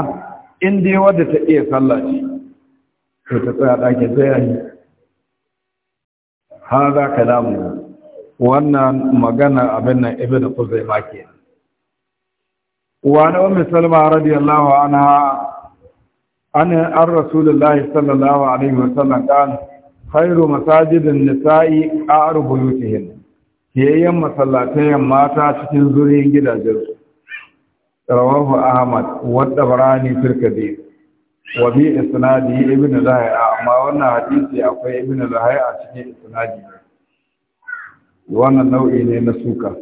in dai wadda ta iya sallah ce to ta tsaya ɗakin tsayani har za ka damu wannan magana abin nan ibn kuzai ma ke wani umar salma radiyallahu anha an an rasulullahi sallallahu alaihi wasallam kan khairu masajidin nisa'i arubu yutihin yayyan masallatai mata cikin zuriyin gidajensu rawahu ahmad wa tabarani fil kabir wa bi isnadi ibn a amma wannan hadisi akwai ibn lahi'a cikin isnadi wannan nau'i ne na suka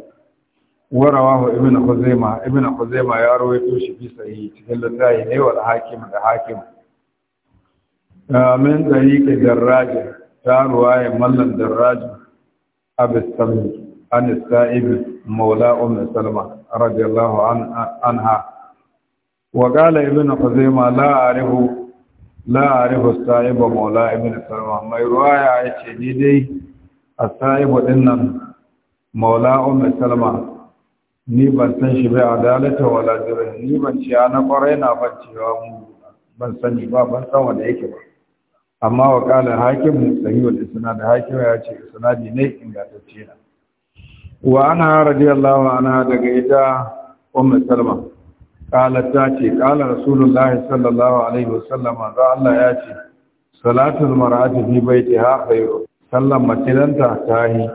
wa rawahu ibn khuzaimah ibn khuzaimah ya rawaito shi fi sahihi cikin littafi ne wa hakim da hakim min tariqi darraj ta ruwaya mallan darraj abistami an sa'ibi maula ummu salma radiyallahu anha wa qala ibnu khuzaimah la arifu la arifu sa'iba maula ibnu salama mai ruwaya yace ni dai as-sa'ibu dinnan maula ummu salama ni ban san shi bai adalata wala jirin ni ban ci na kwarai na ban cewa mu ban sani ba ban san wanda yake ba amma wa kala hakim sahihul isnad hakim ya ce isnadi ne ingantacce na wa ana radiyallahu anha daga ita ummu salma qalat ta ce qala rasulullahi sallallahu alaihi wasallama da Allah ya ce salatul mar'ati fi baitiha khairu sallan matilanta tahi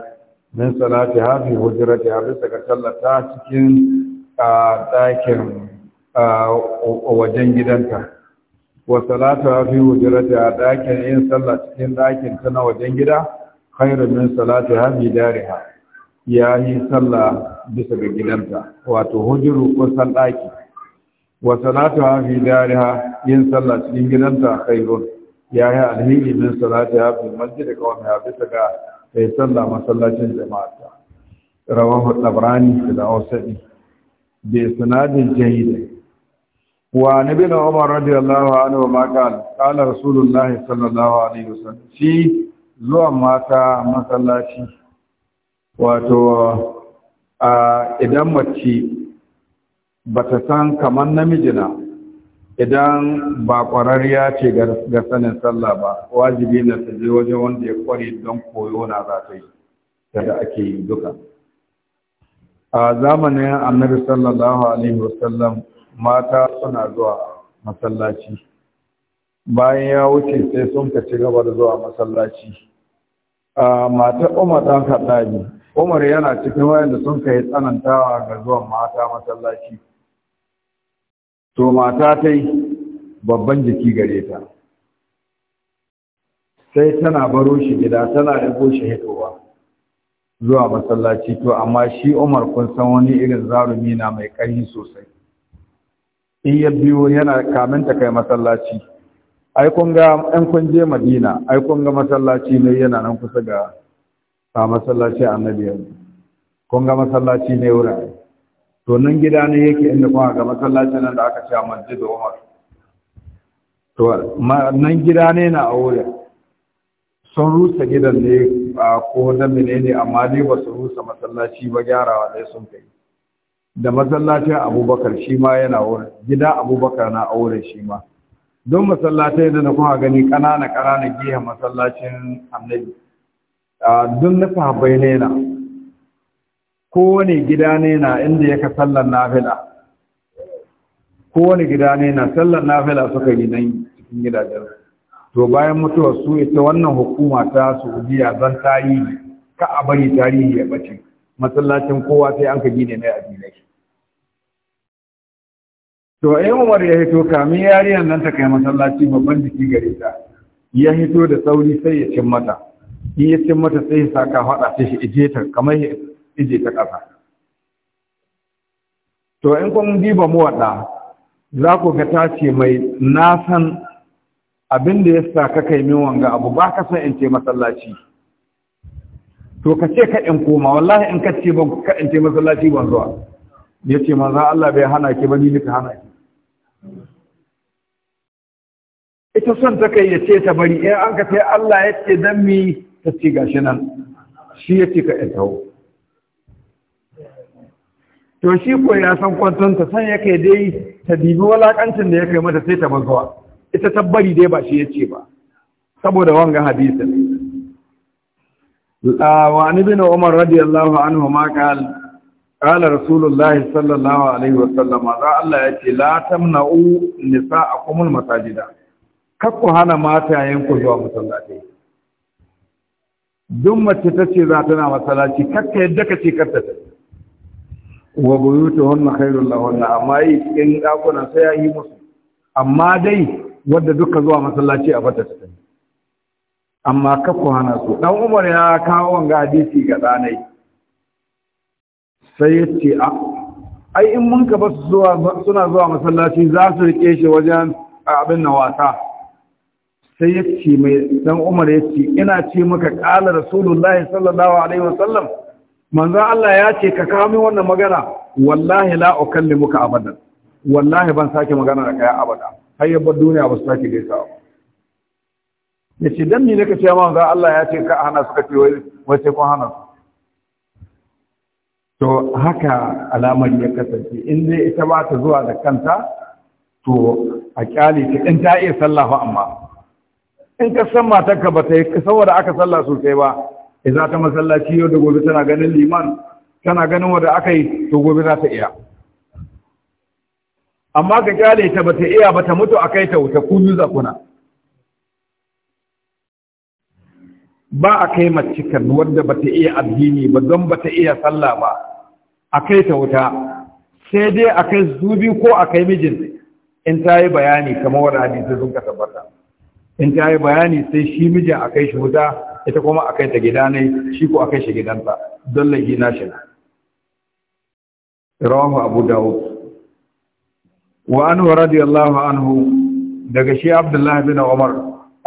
min salati ha fi hujrati ha bisa ga cikin ɗakin wajen gidanta wa salatu ha fi hujrati ɗakin yin sallah cikin ɗakin ta na wajen gida khairun min salati ha fi dariha ya yi sallah bisa ga gidanta wato hujuru ko sallaki wa salatu fi dariha yin sallah cikin gidanta khairun ya yi alhiri min salati ya fi masjid da wani ya bisa ga kai sallah masallacin jama'a rawahu tabrani da ausadi bi sanadin jayyid wa nabi na umar radiyallahu anhu wa qala qala rasulullahi sallallahu alaihi wasallam shi zuwa mata masallaci wato idan mace ba ta san kamar namiji na idan ba ƙwararriya ce ga sanin sallah ba wajibi na ta je wajen wanda ya ƙware don koyo na za ta yi da ake yi duka a zamanin annabi sallallahu alaihi wasallam mata suna zuwa masallaci bayan ya wuce sai sun ka ci gaba da zuwa masallaci a matar umar dan kaɗabi Umar yana cikin wayanda sun kai tsanantawa ga zuwan mata masallaci. To mata ta yi babban jiki gare ta. Sai tana baro shi gida tana ɗago shi hitowa zuwa masallaci to amma shi Umar kun san wani irin zarumi na mai ƙarfi sosai. In ya biyo yana ta kai masallaci. ai kun ga je Madina ai kun ga masallaci ne yana nan kusa ga a masallaci annabi yanzu kun ga masallaci ne wurare to nan gida ne yake inda kuma ga masallacin nan da aka ce a masjid Umar to nan gida ne na aure sun rusa gidan ne a ko da menene amma dai ba su rusa masallaci ba gyarawa dai sun kai da masallacin Abubakar shi ma yana aure gida Abubakar na aure shi ma don masallacin da na kuma gani ƙanana ƙanana gehen masallacin Annabi dun na sahabbai ne na kowane gida ne inda yaka sallar nafila kowane gida ne na sallar nafila suka yi nan cikin gidajen to bayan mutuwar su ita wannan hukuma ta Saudiya zan tarihi ka a bari tarihi ya bace masallacin kowa sai an ka gine mai addinai to ai eh, Umar ya hito kamin yariyar nan ta kai masallaci babban jiki gare ta ya hito da sauri sai ya cin mata in ya mata sai sa ka faɗa sai shi ije ta kamar shi ije ta ƙasa to in kun diba mu waɗa za ku ga ta ce mai na san abin da ya sa ka kai min wanga abu ba ka san in ce masallaci to ka ce ka in koma wallahi in ka ce ban ka in ce masallaci ban zuwa ya ce manzo Allah bai hana ki ba ni ka hana ki ita son ta kai ya ce ta bari in an ka sai Allah ya ce don mi ta ce ga shi nan shi ya ce ka ya tawo to shi ko ya san kwanton ta san ya kai dai ta dibi walakancin da ya kai mata sai ta bazawa ita ta bari dai ba shi ya ce ba saboda wanga hadisin wa ni bin umar radiyallahu anhu ma qal qala sallallahu alaihi wa sallam za Allah ya ce la tamna'u nisa'akum al masajida kakku hana matayen ku zuwa yi. duk mace ta ce za ta na masallaci kakka yadda ka ce karta ta wa ta hunna khairul lahunna amma yi cikin dakunan sai ya yi musu amma dai wadda duka zuwa masallaci a fata ta tafi amma kakku hana su dan umar ya kawo wanga hadisi ga ɗanai sai ya ce a ai in mun ka su zuwa suna zuwa masallaci za su rike shi wajen abin na wasa sai ya ce mai dan umar ya ce ina ce maka kala rasulullahi sallallahu alaihi wasallam manzo Allah ya ce ka kawo min wannan magana wallahi la ukallimuka abadan wallahi ban sake magana da kai abada har yabba duniya ba su sake gaisawa ya ce dan ne nake cewa manzo Allah ya ce ka hana suka ce wai sai kun hana to haka alamar ya kasance in dai ita ba ta zuwa da kanta to a kyale ta in ta iya sallafa amma in ka san matarka ba ta yi saboda aka sallah sosai ba za ta masallaci yau da gobe tana ganin liman tana ganin wanda aka yi to gobe za ta iya amma ka kyale ta ba ta iya ba ta mutu a kai ta wuta kunu za kuna ba a kai macikan wadda ba ta iya addini ba don ba ta iya sallah ba a kai ta wuta sai dai a kai zubi ko a kai mijin in ta yi bayani kamar wadda hadisi sun ka tabbata in ta yi bayani sai shi mijin a kai shi wuta ita kuma a kai ta gida ne shi ko a kai shi gidanta don lagi na shi na rawahu abu dawud wa wa radiyallahu anhu daga shi abdullahi bin umar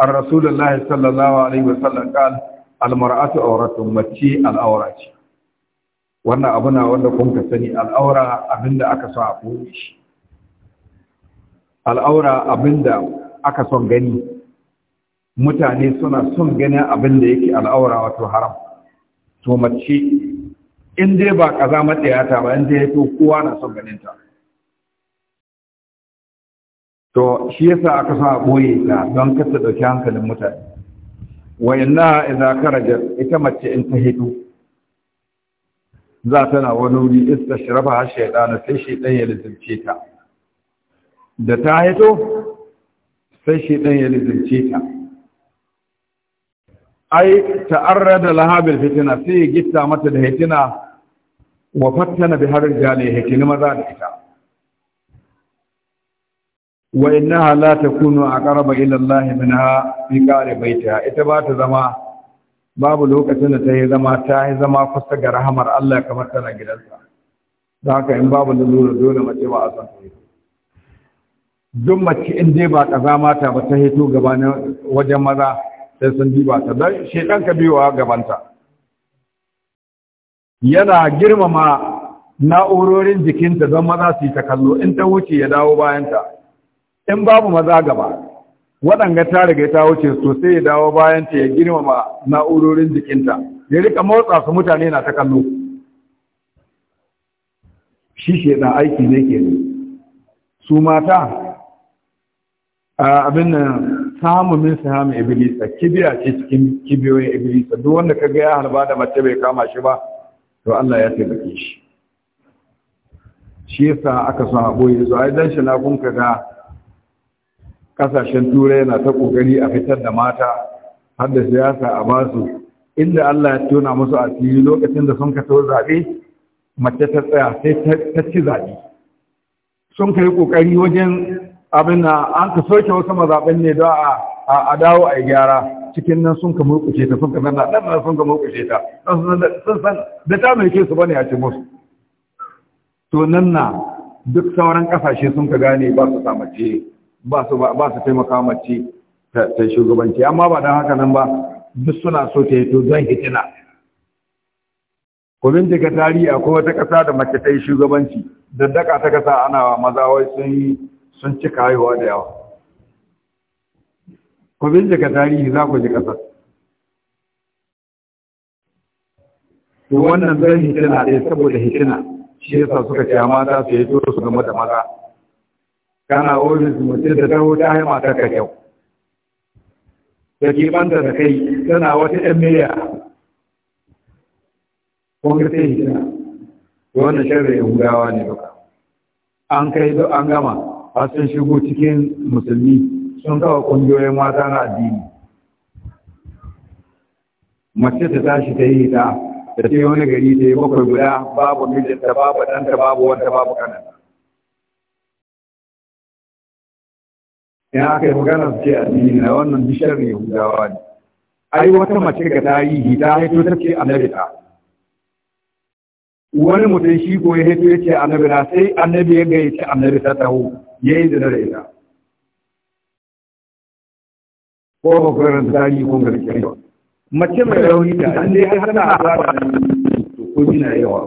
an rasulullah sallallahu alaihi wasallam kan almar'atu auratun mace al'aura ce wannan abu na wanda kun ka sani al'aura abinda aka so a koyi shi al'aura abinda aka son gani mutane suna son ganin abin da yake al'aura wato haram to mace in dai ba kaza matsayata ba in dai to kowa na son ganin ta to shi yasa aka sa boye ta don ta dauki hankalin mutane wa inna idza karaja ita mace in ta hito za ta na wani wuri shirafa har shaidana sai shaidan ya lizince ta da ta hito sai shaidan ya lizince ta ai ta'arrada laha bil fitina sai gitta mata da hitina wa fattana bi har jali hikini maza da ita wa innaha la takunu aqraba ila Allah minha fi qari baitiha ita ba ta zama babu lokacin da ta yi zama ta yi zama kusa ga rahamar Allah kamar tana gidansa da haka in babu lalura dole mace ba a san ta duk mace in dai ba kaza mata ba ta hito gaba wajen maza sai sun diba ta don shekan ka biyowa gabanta yana girmama na'urorin jikinta don maza su yi ta kallo in ta wuce ya dawo bayanta in babu maza gaba waɗanga ta riga ta wuce to sai ya dawo bayanta ya girmama na'urorin jikinta ya rika motsa su mutane na ta kallo shi aiki ne ke su mata abin nan samu min sahami iblisa kibiya ce cikin kibiyoyin iblisa duk wanda ka ga ya halba da mace bai kama shi ba to Allah ya taimake shi shi yasa aka so a boye su ai dan shi na kun ka ga kasashen turai yana ta kokari a fitar da mata har da siyasa a basu inda Allah ya tona musu asiri lokacin da sun ka tawo zabe mace ta tsaya sai ta ci zabe sun kai kokari wajen abin na an ka soke wasu mazaɓen ne don a dawo a yi gyara cikin nan sun ka murkushe ta sun ka zanna ɗan nan sun ka murkushe ta sun san da ta mai su bane a ce musu to nan na duk sauran ƙasashe sun ka gane ba su samace ba su taimaka mace ta shugabanci amma ba don haka nan ba duk suna so ta yi to zan hitina ku bincika tarihi akwai wata ƙasa da mace ta yi shugabanci daddaka ta kasa ana maza wai sun yi sun cika haihuwa da yawa ku bincika tarihi za ku ji ƙasar to wannan zan hitina ɗaya saboda hitina shi yasa suka ce mata su yi to su gama da maza kana ofis mutum da taho ta haima ta ka kyau da kimanta da kai tana wata ƴan miliya kuma ta hitina wannan shirin yahudawa ne duka an kai an gama har sun shigo cikin musulmi sun kawo ƙungiyoyin mata na addini mace ta tashi ta yi ta da ta wani gari ta yi bakwai guda babu mijinta babu ɗanta babu wanda babu kanan. Ina aka yi magana su ce addini na wannan bishiyar yahudawa ne ai wata mace ga ta yi hita haito ta ce annabi ta wani mutum shi ko ya ya ce annabi na sai annabi ya gaya ce annabi ta taho yayin da dare ita ko ba ku ran tsari kun ga yau? mace mai rauni da an dai har na azaba to ko bina yawa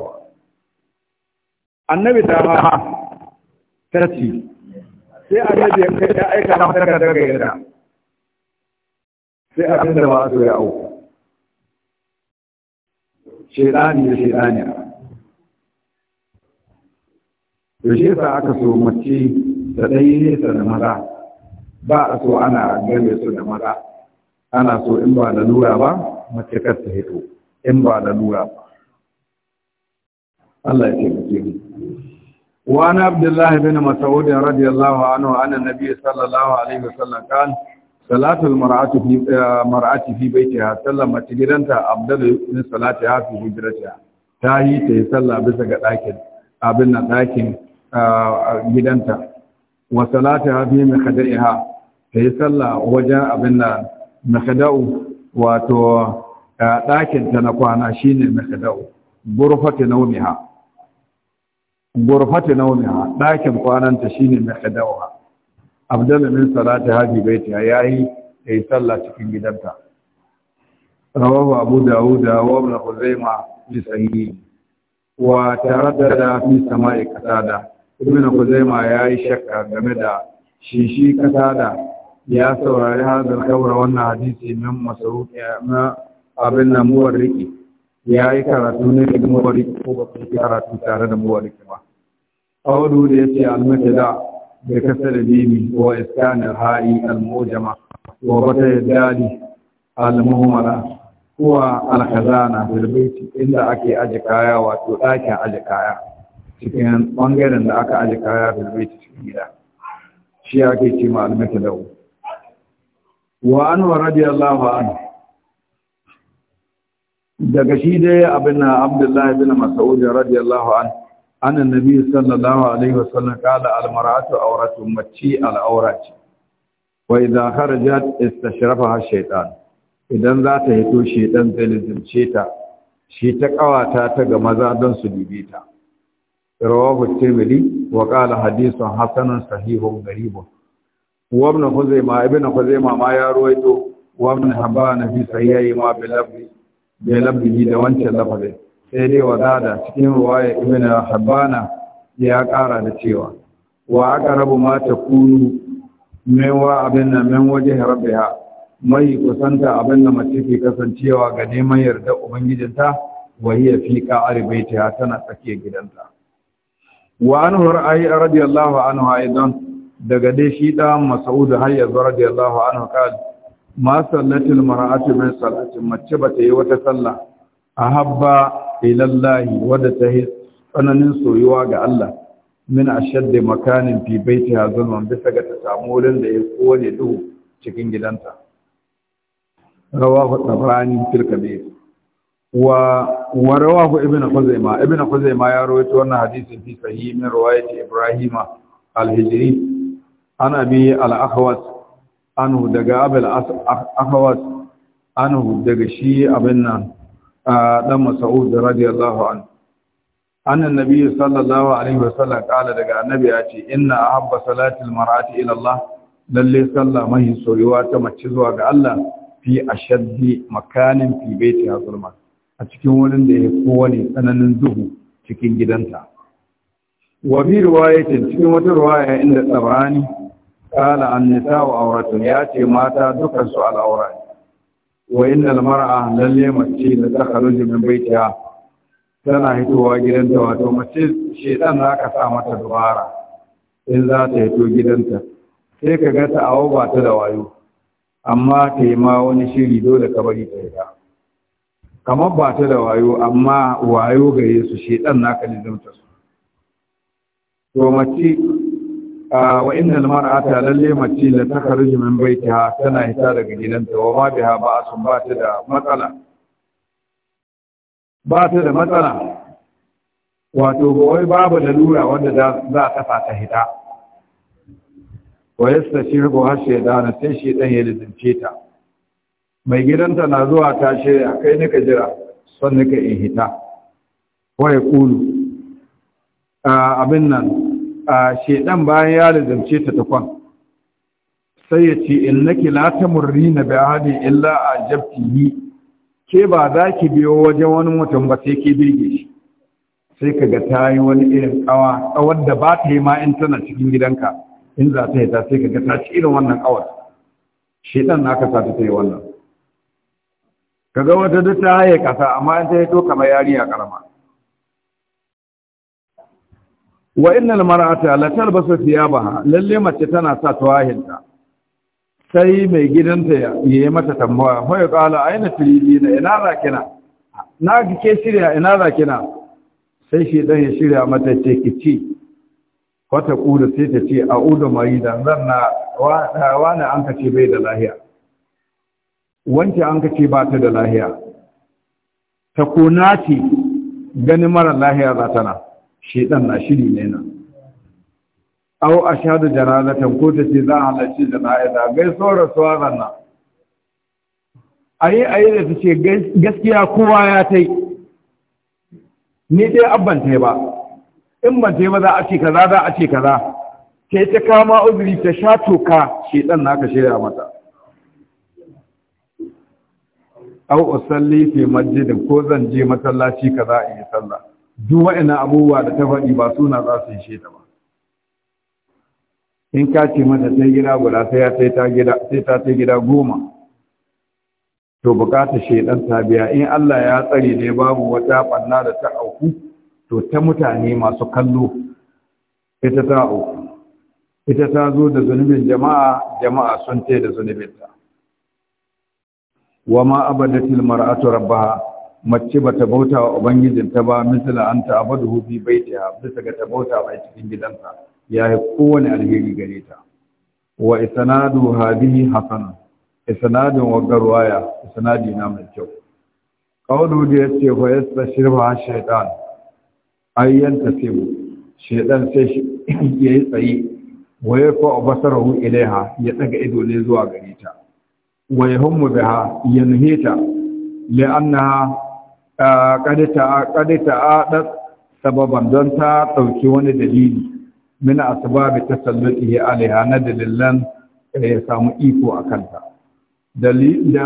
annabi ta ma tarci sai annabi ya kai ya aika na farka daga yadda sai abin da ba so ya auku shaidani da shaidani Yaushe shi yasa aka so mace da ɗaya nesa da maza ba a so ana game su da maza ana so in ba da lura ba mace kar ta hito in ba da lura ba Allah ya taimake mu wa na abdullahi bin mas'ud radiyallahu anhu anna nabiy sallallahu alaihi wasallam kan salatul mar'atu fi mar'ati fi baitiha sallama ta gidanta abdul bin salati ha fi hijratiha ta yi ta yi sallah bisa ga ɗakin abin nan dakin ah, gidanta wa salata fi makada'iha ta yi sallah wajen abin da makada'u wato ɗakin ta na kwana shine makada'u gurfata naumiha gurfata naumiha ɗakin kwananta shine makada'uha abdalla min salati haji baiti yayi ta yi sallah cikin gidanta rawahu abu dawud wa ibn khuzaimah bi sahihi wa taraddada fi sama'i qatada ibn kuzaima ya yi shakka game da shi shi da ya saurari hadal kaura wannan hadisi min masaruq na abin nan muwarriki ya yi karatu ne da muwarriki ko ba ki karatu tare da muwarriki ba auru da yace al-mutada bi kasal bibi wa iskan al-ha'i al-mujama wa bata dali al-muhammara Kuwa al-khazana bil inda ake aje kaya wato ɗakin aje kaya cikin ɓangaren da aka aji kaya da zai cikin gida shi ke ce ma wu wa an wa radiyallahu an daga shi dai abin na abdullahi bin mas'ud radiyallahu an an annabi sallallahu alaihi wasallam qala almar'atu awratu mati al'auraci. wa idha kharajat istashrafaha shaytan idan za ta hito shaytan zai lizimce ta shi ta kawata ta ga maza don su dube ta rawahu tirmidhi wa qala hadithun hasanun sahihun gharibun wa ibn khuzaimah ibn khuzaimah ma ya ruwaito wa ibn habana fi sahihi ma bi lafzi bi lafzi da wancan lafazin sai dai wadada cikin ruwaya ibn habana ya kara da cewa wa aqrabu ma takunu min wa abin min wajhi rabbiha mai kusanta abin da mace ke kasancewa ga neman yarda ubangijinta wa hiya fi qa'ari baitiha tana tsakiyar gidanta wa an hurayi radiyallahu anhu aidan daga dai shi da har yanzu, radiyallahu anhu qal ma sallatil mar'atu min salatin mace ba ta yi wata sallah A ila Allah wadda ta yi tsananin soyuwa ga Allah min ashaddi makanin fi baitiha zulman bisa ga ta samu wurin da ya kone duhu cikin gidanta rawahu tabrani fil wa wa rawahu ibnu khuzaimah ibnu khuzaimah ya rawaito wannan hadisin fi sahih min riwayati ibrahim al-hijri an abi al-akhwas anhu daga abul akhwas anhu daga shi abin nan dan mas'ud radiyallahu anhu anna nabiyyu sallallahu alaihi wasallam kala daga annabi ya ce inna ahabba salatil mar'ati ila Allah lalle sallah mai soyuwa ta mace zuwa ga Allah fi ashaddi makanin fi baiti hazulmat a cikin wurin da ya kowane tsananin duhu cikin gidanta wa bi ce cikin wata ruwaye inda tsabani, Kala an wa auratu ya ce mata dukan su al'aura wa innal mar'a lalle mace da ta kharuju min tana hitowa gidanta wato mace shi na ka sa mata dubara in za ta hito gidanta sai ka ga ta awo ba da wayo amma ta yi ma wani shiri dole ka bari ta ta. kamar ba ta da wayo amma wayo gare su shedan naka lizimta su to mace wa innal mar'ata lalle mace la takhruju min baitiha tana hita daga gidanta wa ma biha ba su ba ta da matsala ba ta da matsala wato wai babu lura wanda za ta fa ta hita wa yastashirbu har shaydan sai shaydan ya lizince ta mai gidanta na zuwa ta shirya kai nika jira son nika in hita waye kulu abin nan shedan bayan ya rizance ta takwan sai ya ce in nake la ta murri na bayani illa a yi ke ba za ki biyo wajen wani mutum ba sai ke birge shi sai ka ga ta yi wani irin kawa kawar da ba ta yi ma in tana cikin gidanka in za ta yi ta sai ka ga ta ci irin wannan kawar shedan na ka sa ta yi wannan kaga wata duk ta haye kasa amma in ta kamar yariya karama wa innal mar'ata la talbasu thiyabaha lalle mace tana sa tawahinta sai mai gidanta ya yi mata tambaya hoya kala aina na ina zakina na ke shirya ina zakina sai shi dan ya shirya mata ce kici wata kuda sai ta ce dan zanna zan na wani an kace bai da lahiya wance an kace ba ta da lahiya ta kona ce gani mara lahiya za tana shedan na shiri ne na aw ashadu janazatan ko ta ce za a halarci da na Gai gaisuwar rasuwa zanna ayi ayi da ta ce gaskiya kowa ya ta yi. ni dai abban tai ba in ban tai ba za a ce kaza za a ce kaza yi ta kama uzuri ta sha toka na ka shirya mata au usalli fi masjid ko zan je masallaci kaza in yi sallah duk wa'annan abubuwa da ta faɗi ba suna za su yi ta ba in ka ce mata sai gida guda sai ta gida sai ta sai gida goma to bukata shaidan ta biya in Allah ya tsare ne babu wata banna da ta auku to ta mutane masu kallo ita ta auku ita ta zo da zunubin jama'a jama'a sun tai da zunubin ta. wa ma abadatil mar'atu rabbaha mace bata bauta wa ubangijinta ba misala an ta'abudu fi baitiha bisa ga ta bauta ba cikin gidansa yayi kowane alheri gare ta wa isnadu hadhihi hasana isnadun wa garwaya isnadi na mai kyau qawlu da yace fa yastashirba shaytan ayyan tasibu shaytan sai yayi tsayi wa yafa basarahu ilaiha ya daga ido ne zuwa gare ta wa yahummu biha yanhita li'annaha qadita qadita adat sababan don ta ɗauki wani dalili min asbabi tasallutihi alaiha na dalilan ya samu iko akan ta da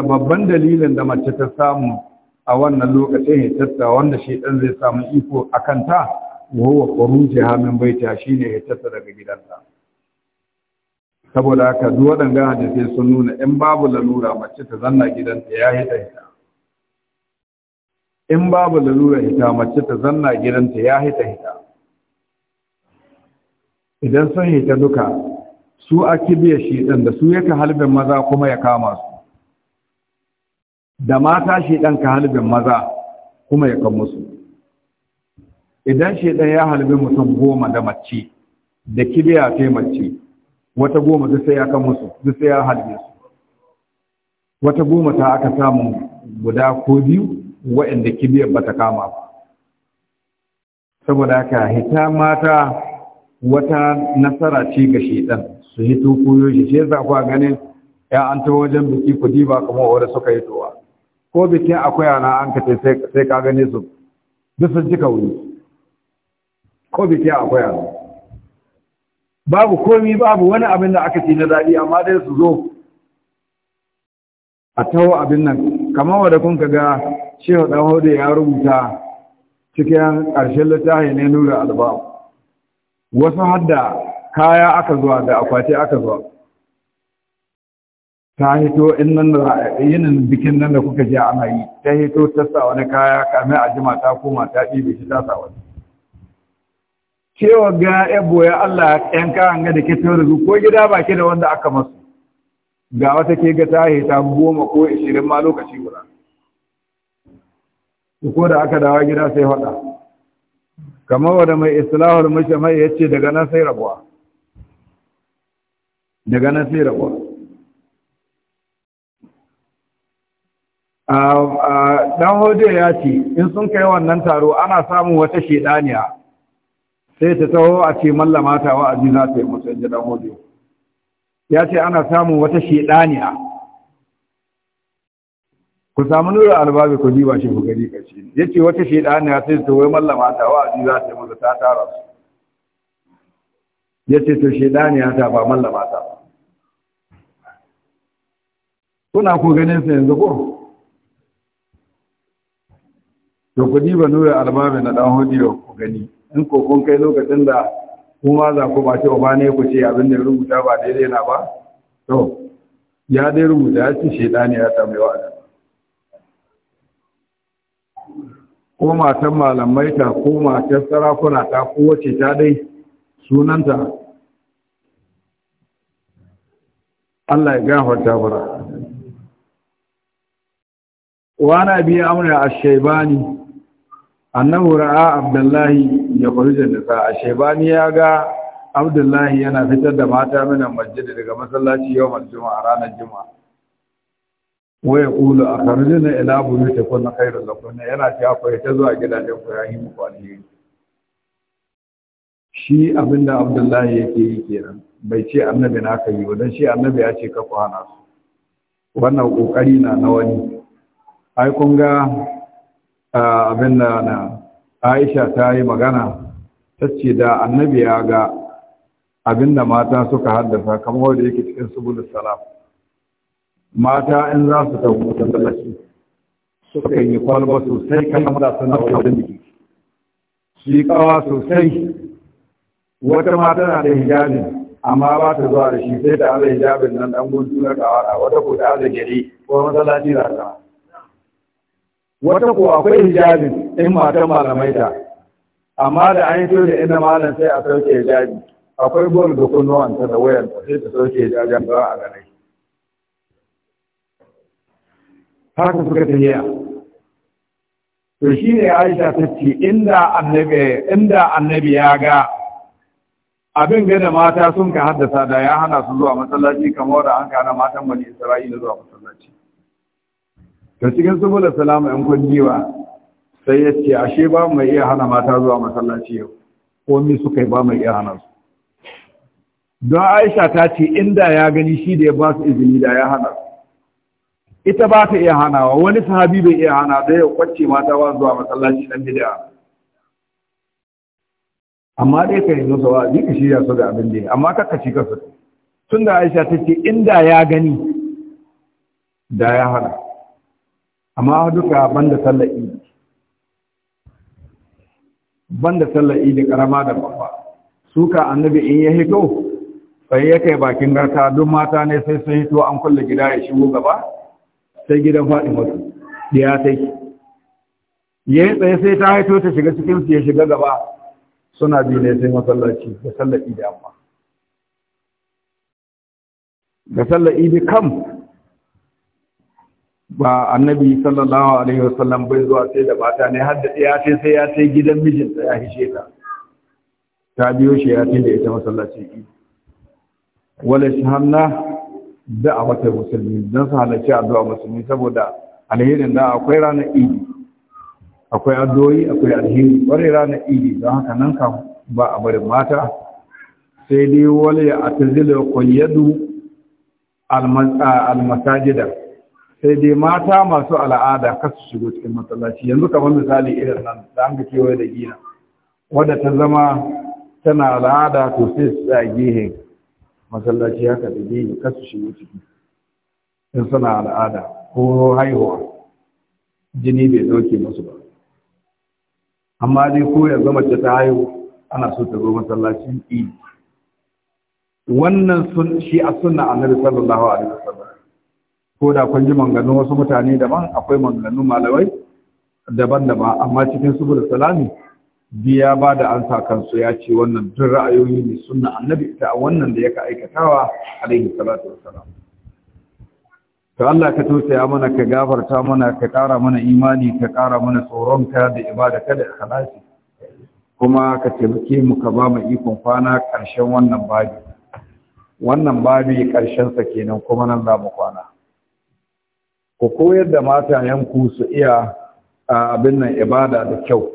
babban dalilin da mace ta samu a wannan lokacin hitarta wanda shedan zai samu iko a kanta? wa huwa khurujiha min baitiha shine hitarta daga gidanta saboda haka duk waɗanda hadisai sun nuna in babu lalura mace ta zanna gidanta ya hita hita in babu lalura hita mace ta zanna gidanta ya hita hita idan sun hita duka su a kibiya shi ɗin da su yake halbin maza kuma ya kama su da mata shi ɗan ka halbin maza kuma ya kan musu idan shi ɗan ya halbi mutum goma da mace da kibiya ta mace wata goma duk sai ya kan musu duk sai ya halbe su wata goma ta aka samu guda ko biyu waɗanda kibiyar ba ta kama ba saboda haka hita mata wata nasara ce ga shedan su hito koyo shi sai za ku ganin ya an ta wajen biki ku diba kuma wanda suka yi towa ko bikin akwai ana an ka sai ka gane su duk sun ci wuri ko bikin akwai ana babu komi babu wani abin da aka ci na daɗi amma dai su zo a taho abin nan kamar wadda kun ga shehu ɗan hudu ya rubuta cikin ƙarshen littafi ne nura alba'u wasu hadda kaya aka zuwa da akwati aka zuwa ta hito in nan da yinin bikin nan da kuka je ana yi ta hito ta sa wani kaya kamar a jima ta koma ta ɗibe shi ta sa wani cewa ga ebo ya Allah yan kawan ga da ke tun ko gida ba ke da wanda aka masu ga wata ke ga tahi ta goma ko ishirin ma lokaci guda ko da aka dawa gida sai faɗa kamar wanda mai islahul mai ya ce daga nan sai rabuwa daga nan sai rabuwa dan hojo ya ce in sun kai wannan taro ana samun wata shedaniya sai ta taho a ce mallama ta wa'azi za ta yi musu in ji dan ya ce ana samun wata shedaniya ku samu nura albabi ku diba shi ku gari kashi ya ce wata shedaniya sai ta wai mallama ta wa'azi za ta yi musu ta tara su ya ce to shedaniya ta ba mallama ta kuna ku ganin sa yanzu ko to ku diba nura albabi na dan hodiyo ku gani in ko kun kai lokacin da kuma za ku ba ce uba ne ku ce abin da rubuta ba daidai na ba to ya dai rubuta ya ce ne ya samu yawa da ko matan malamai ta ko matan sarakuna ta ko wace ta dai sunanta Allah ya gafarta bara وانا ابي امر الشيباني انه annahu ra'a Abdullahi. ya da sa a shebani ya ga abdullahi yana fitar da mata minan masjidi daga masallaci yau a ranar juma'a waya kulu a karjina ila buru ta kai da lakum yana ta kwaye ta zuwa gidajen ku yi muku alheri shi abinda abdullahi yake yi kenan bai ce annabi na ka yi dan shi annabi ya ce ka ku hana su wannan kokari na na wani ai kun ga abin da na aisha ta yi magana ta ce da annabi ya ga abinda mata suka haddasa kamar wanda yake cikin subul salam mata in za su tafi da tsallaki suka yi kwalba sosai kamar da suna wajen biki shi kawa sosai wata mata na da hijabi, amma ba ta zuwa da shi sai da ala hijabin nan dan guntu na kawara wata ko da ala gari ko masallaci na kawara wata ko akwai hijabin in matan malamai ta amma da an yi to da ina malam sai a sauke hijabi akwai gol da ta da wayanta sai ta sauke hijabi ba a ganai haka suka tafiya to shi ne aisha ta ce inda annabi inda ya ga abin ga mata sun ka haddasa da ya hana su zuwa masallaci kamar da an kana matan bani isra'ila zuwa masallaci da cikin saboda salama in kun jiwa sai ya ce ashe ba mai iya hana mata zuwa masallaci yau ko mi suka yi ba mai iya hana su don aisha ta ce inda ya gani shi da ya ba su izini da ya hana ita ba ta iya hanawa wani sahabi bai iya hana da ya kwace mata ba zuwa masallaci dan bid'a amma dai kai musu wa ka shirya su da abin da amma kaka shi kasu tun da aisha ta ce inda ya gani da ya hana amma duka banda sallar idi banda sallar idi karama da babba suka annabi in ya hito sai ya kai bakin garka duk mata ne sai sun hito an kulle gida ya shigo gaba sai gidan faɗi masu ya sai ya yi tsaye sai ta hito ta shiga cikin su ya shiga gaba suna biyu ne sai masallaci da sallar idi amma Da sallar idi kam ba annabi sallallahu alaihi wasallam bai zuwa sai da mata ne har da ya ce sai ya ce gidan mijinta ya hishe ta ta biyo shi ya ce da ita masallaci wala shahanna da a wata musulmi don su halarci addu'a musulmi saboda alherin da akwai ranar idi akwai addu'o'i akwai alheri wani ranar idi don haka nan ka ba a bari mata sai dai wale a tazila kwayyadu almasajidar sai dai mata masu al'ada kasu shigo cikin masallaci yanzu kamar misali irin nan da an ga kewaye da gina wadda ta zama tana al'ada to sai su tsaya gehen masallaci haka da gehen kasu shigo ciki in suna al'ada ko haihuwa jini bai dauke musu ba amma dai ko ya zama ta haihu ana so ta zo masallacin idi wannan sun shi a sunna annabi sallallahu alaihi wasallam ko da kun ji manganun wasu mutane daban akwai manganun malamai daban-daban amma cikin subul salami biya ba da an sa kansu ya ce wannan duk ra'ayoyi ne sunna annabi ita a wannan da yaka aikatawa alaihi salatu wassalam to Allah ka tausaya mana ka gafarta mana ka kara mana imani ka kara mana ka da ibada ka da ikhlasi kuma ka taimake mu ka ba mu ikon kwana ƙarshen wannan babi wannan babi ƙarshen sa kenan kuma nan za mu kwana ku koyar da matayenku su iya abin nan ibada da kyau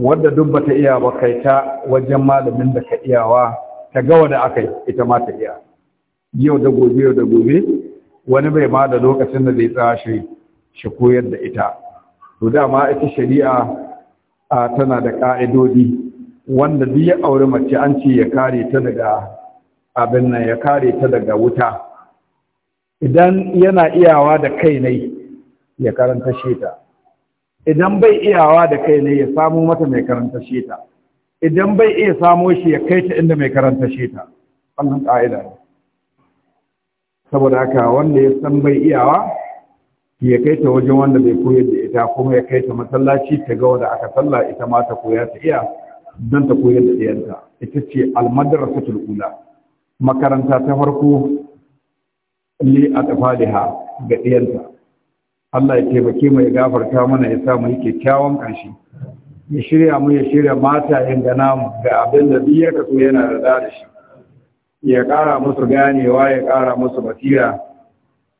wadda duk bata iya ba kai ta wajen malamin da ka iyawa ta ga wani aka ita ma ta iya yau da gobe yau da gobe wani bai ma da lokacin da zai tsaya shi koyar da ita to dama ita shari'a tana da ka'idodi wanda duk ya auri mace an ce ya kare ta daga abin nan ya kare ta daga wuta idan yana iyawa da kai ne ya karanta ta. idan bai iyawa da kai ne ya samu mata mai karanta ta. idan bai iya samo shi ya kai ta inda mai karanta sheta wannan ƙa'ida ne saboda haka wanda ya san bai iyawa ya kai ta wajen wanda bai koyar da ita kuma ya kai ta masallaci ta ga wanda aka sallah ita ma ta koya ta iya don ta koyar da ɗiyanta ita ce almadrasatul ula makaranta ta farko li atfaliha ga diyanta Allah ya taimake mu ya gafarta mana ya sa mu yi kyakkyawan ƙarshe ya shirya mu ya shirya mata inda namu ga abin da biyar ka so yana da da shi ya ƙara musu ganewa ya ƙara musu basira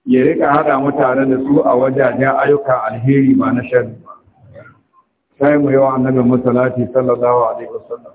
ya rika haɗa mutanen da su a wajajen ayyukan alheri ba na sharri sai mu yawa annabi musallati sallallahu alaihi wasallam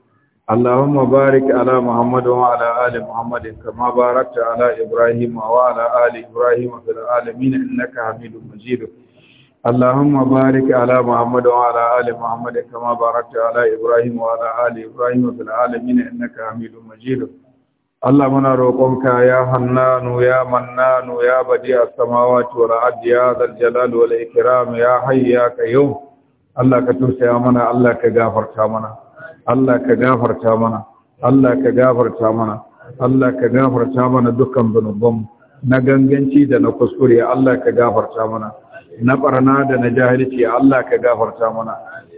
اللهم بارك على محمد وعلى آل محمد كما باركت على إبراهيم وعلى آل إبراهيم في العالمين إنك حميد مجيد اللهم بارك على محمد وعلى آل محمد كما باركت على إبراهيم وعلى آل إبراهيم في العالمين إنك حميد مجيد اللهم نروقك يا حنان يا منان يا بديع السماوات والأرض يا ذا الجلال والإكرام يا حي يا قيوم الله كتوسع منا الله كغفرت منا Allah ka gafarta mana Allah ka gafarta mana Allah ka gafarta mana dukkan binubban. na ganganci da na kuskure Allah ka gafarta mana na barna da na jahilci Allah ka gafarta mana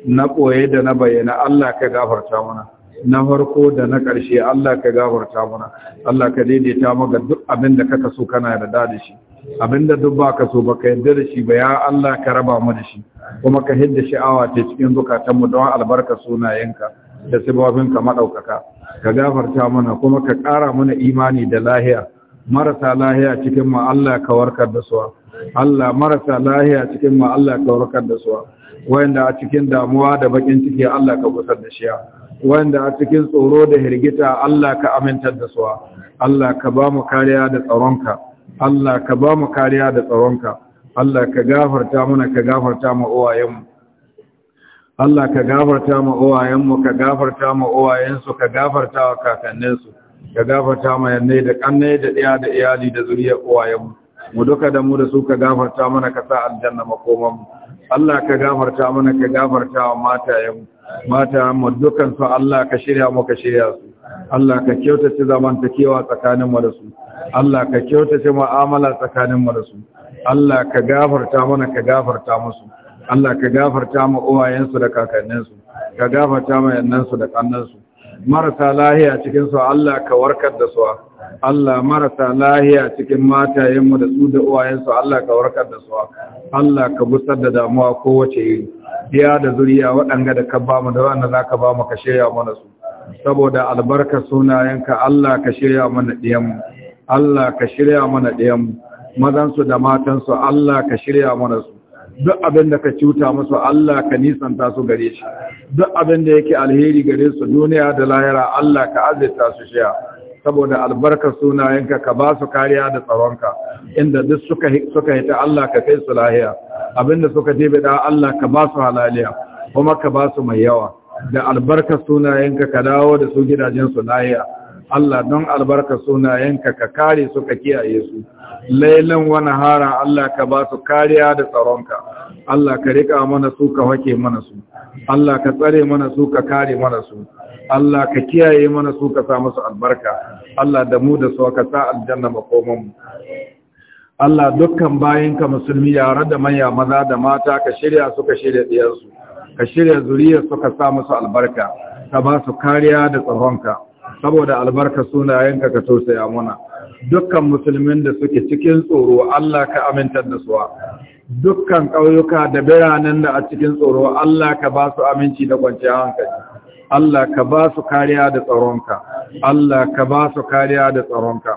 na koye da na bayyana Allah ka gafarta mana na farko da na ƙarshe Allah ka gafarta mana Allah ka daidaita maka duk abin da kaka so kana yarda da shi abin da duk baka so baka yarda da shi ba ya Allah ka raba mu da shi kuma ka hidda sha'awa ta cikin zukatanmu don albarka sunayenka da ka maɗaukaka ka gafarta mana kuma ka ƙara mana imani da lahiya marasa lahiya cikin mu Allah ka warkar da su Allah marasa lahiya cikin mu Allah ka warkar da su wanda a cikin damuwa da bakin ciki Allah ka gusar da shi wanda a cikin tsoro da hirgita Allah ka amintar da su Allah ka ba mu kariya da tsaronka Allah ka ba mu kariya da tsaronka Allah ka gafarta mana ka gafarta mu uwayenmu Allah ka gafarta ma uwayenmu ka gafarta ma uwayensu ka gafarta wa kakanninsu ka gafarta ma yanne da kanne da iya da iyali da zuriyar uwayenmu mu duka da mu da su ka gafarta mana ka sa aljanna makoman Allah ka gafarta mana ka gafarta wa matayenmu matayenmu dukan su Allah ka shirya mu ka shirya su Allah ka kyautace zamantakewa tsakanin mu da su Allah ka kyautace mu'amala tsakanin mu da su Allah ka gafarta mana ka gafarta musu Allah ka gafarta ma uwayensu da kakanninsu ka gafarta ma yannansu da kannansu marasa lahiya cikin su Allah ka warkar da su Allah marasa lahiya cikin matayenmu da su da uwayensu Allah ka warkar da su Allah ka gusar da damuwa kowace yi biya da zuriya waɗanga da ka ba mu da wannan za ka ba mu ka shirya mana su saboda albarka sunayenka Allah ka shirya mana diyan Allah ka shirya mana mazan mazansu da matansu Allah ka shirya mana su duk abin da ka cuta musu Allah ka nisanta su gare shi duk abin da yake alheri gare su duniya da lahira Allah ka azirta su shiya saboda albarkar sunayenka ka ba su kariya da tsaronka inda duk suka suka hita Allah ka kai su lahiya abinda suka tebe da Allah ka ba su halaliya kuma ka ba su mai yawa da albarkar sunayenka ka dawo da su gidajen su lahiya Allah don albarka sunayenka ka kare su ka kiyaye su lailan wa hara Allah ka ba su kariya da tsaronka Allah ka rika mana su ka wake mana su Allah ka tsare mana su ka kare mana su Allah ka kiyaye mana su ka sa musu albarka Allah da mu da su ka sa aljanna makoman mu Allah dukkan bayinka musulmi yare da manya maza da mata ka shirya su ka shirya diyarsu ka shirya zuriyar su ka sa musu albarka ka ba su kariya da tsaronka saboda albarka sunayenka ka tausaya mana dukkan musulmin da suke cikin tsoro Allah ka amintar da suwa dukkan ƙauyuka da biranen da a cikin tsoro Allah ka ba su aminci da kwanciyar hankali Allah ka ba su kariya da tsaronka Allah ka ba su kariya da tsaronka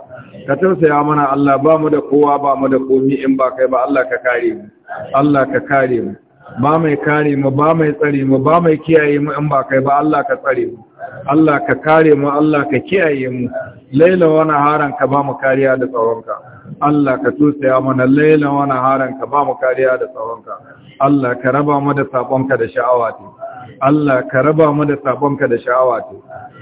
ka tausaya mana Allah ba mu da kowa ba mu da komi in ba kai ba Allah ka kare mu Allah ka kare mu ba mai kare mu ba mai tsare mu ba mai kiyaye mu in ba kai ba Allah ka tsare mu Allah ka kare mu Allah ka kiyaye mu laila wa naharan ka ba mu kariya da tsawonka Allah ka tusaya mana laila wa naharan ka ba mu kariya da tsawonka Allah ka raba mu da sabonka da sha'awa ta Allah ka raba mu da sabonka da sha'awa ta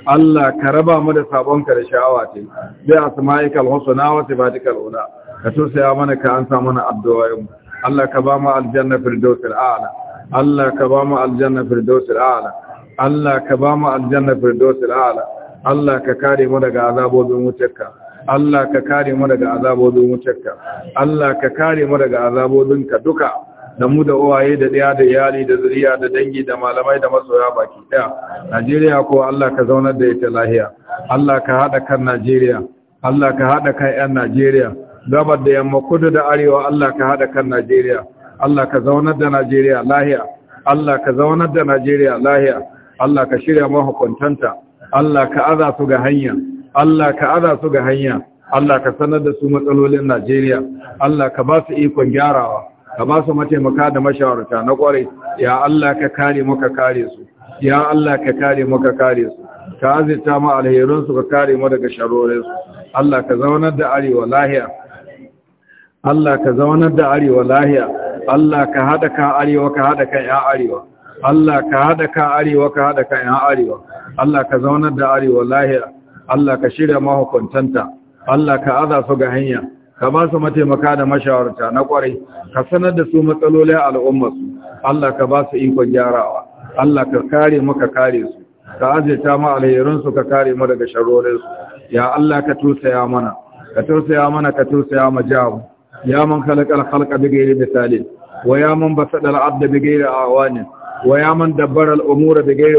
Allah ka raba mu da sabonka da sha'awa ta bi asma'ikal husna wa sifatikal ula ka tusaya mana ka ansa mana addu'o'in Allah ka ba mu aljanna firdausil a'la Allah ka ba mu aljanna firdausil a'la Allah ka ba mu aljanna firdausil a'la Allah ka kare mu daga azabobin wutarka Allah ka kare mu daga azabobin wutarka Allah ka kare mu daga azabobinka duka da mu da uwaye da ɗaya da iyali da zuriya da dangi da malamai da masoya baki ɗaya Najeriya ko Allah ka zaunar da ita lahiya Allah ka haɗa kan Najeriya Allah ka haɗa kan ƴan Najeriya gabar da yamma kudu da arewa Allah ka haɗa kan Najeriya Allah ka zaunar da Najeriya lahiya Allah ka zaunar da Najeriya lahiya Allah ka shirya mahukuntanta Allah ka aza su ga hanya Allah ka aza su ga hanya Allah ka sanar da su matsalolin Najeriya Allah ka ba su ikon gyarawa ka ba su mataimaka da mashawarta na kware ya Allah ka kare muka kare su ya Allah ka kare muka kare su ka azita mu alherin su ka kare mu daga sharorinsu. su Allah ka zaunar da arewa lahiya Allah ka zaunar da arewa lahiya Allah ka hada ka arewa ka hada kan ya arewa Allah ka haɗa ka arewa ka haɗa ka ‘yan arewa, Allah ka zaunar da arewa lahira, Allah ka shirya mahukuntanta, Allah ka aza su ga hanya, ka ba su mataimaka da mashawarta na ƙwarai, ka sanar da su matsalolin al'ummarsu, Allah ka ba su ikon gyarawa, Allah ka kare maka kare su, ka azirta ma alherinsu ka kare mu daga sharorinsu, ya Allah ka tusaya mana, ka tusaya mana ka tusaya ma jamu, ya man kalakal halka bigayar misali, wa ya man basaɗar abda a awanin, ويا من دبر الأمور بغير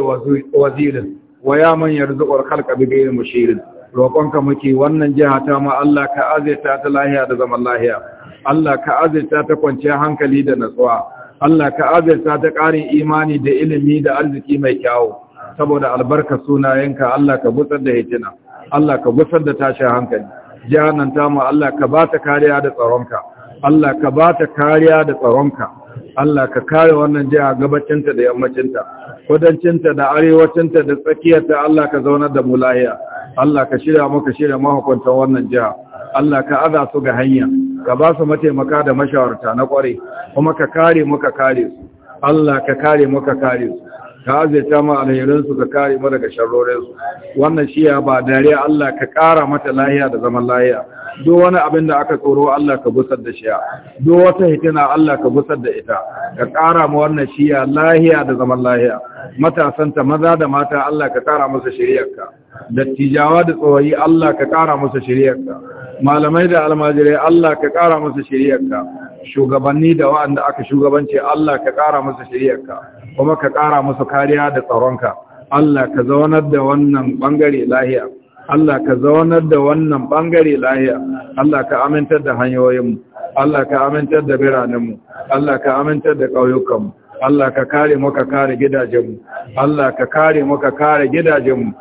وزير ويا من يرزق الخلق بغير مشير roƙonka muke wannan jiha ta ma Allah ka azirta ta lahiya da zaman lahiya Allah ka azirta ta kwanciya hankali da natsuwa Allah ka azirta ta ƙarin imani da ilimi da arziki mai kyawu saboda albarka sunayenka Allah ka gutsar da hitina Allah ka gutsar da tashin hankali jihar nan ta ma Allah ka ba ta kariya da tsaronka Allah ka ba ta kariya da tsaronka Allah ka kare wannan jiha gabacinta da yammacinta kudancinta da arewacinta da tsakiyarta Allah ka zaunar da mu lahiya Allah ka shirya maka shirya mahukuntan wannan jiha Allah ka aza su ga hanya ka ba su mataimaka da mashawarta na kware kuma ka kare mu ka kare su Allah ka kare mu ka kare su ka azaita mu alherinsu ka kare mu daga sharrorinsu wannan shiya ba dariya. Allah ka kara mata lahiya da zaman lahiya duk wani abin da aka tsoro Allah ka busar da shi duk wata hitina Allah ka busar da ita ka ƙara mu wannan shiya lahiya da zaman lahiya matasanta maza da mata Allah ka ƙara musu da dattijawa da tsoyi Allah ka ƙara musu shiriyarka malamai da almajirai Allah ka ƙara musu shiriyarka shugabanni da wanda aka shugabanci, Allah ka ƙara musu shiriyarka kuma ka ƙara musu kariya da tsaronka Allah ka zaunar da wannan bangare lahiya Allah ka zaunar da wannan bangare lahiya Allah ka amintar da hanyoyinmu Allah ka amintar da biranenmu Allah ka amintar da ƙauyukanmu Allah ka kare mu ka kare gidajenmu Allah ka kare mu ka kare gidajenmu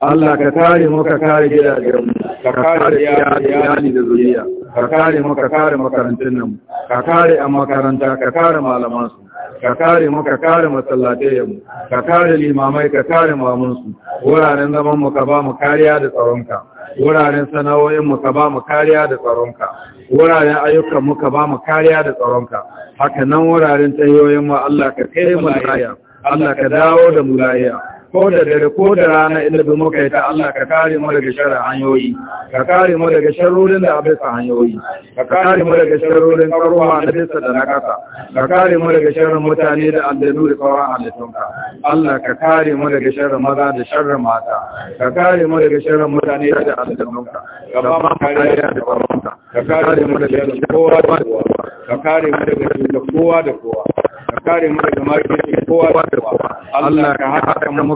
Allah ka kare mu ka kare gidajenmu ka kare iyali da zuriya ka kare mu ka kare makarantun nan ka kare a makaranta ka kare malamansu ka kare mu ka kare masallatayen mu ka kare limamai ka kare mamunsu wuraren zaman mu ka ba mu kariya da tsaron ka. wuraren sana'o'in mu ka ba mu kariya da tsaron ka wuraren ayyukan mu ka ba mu kariya da tsaronka haka nan wuraren tayoyin mu Allah ka kai mu lafiya Allah ka dawo da mu lafiya ko da dare ko da rana inda bi muka yi ta Allah ka kare mu daga sharar hanyoyi ka kare mu daga sharorin da abisa hanyoyi ka kare mu daga sharorin karuwa na bisa da na kasa ka kare mu daga sharar mutane da aljanu da a halittunka Allah ka kare mu daga sharar maza da sharar mata ka kare mu daga sharar mutane da aljannunka ka ba mu kariya da tsaronka ka kare mu daga kowa da kowa ka kare mu daga sharar kowa da kowa ka kare mu daga mai kowa da kowa Allah ka haka mu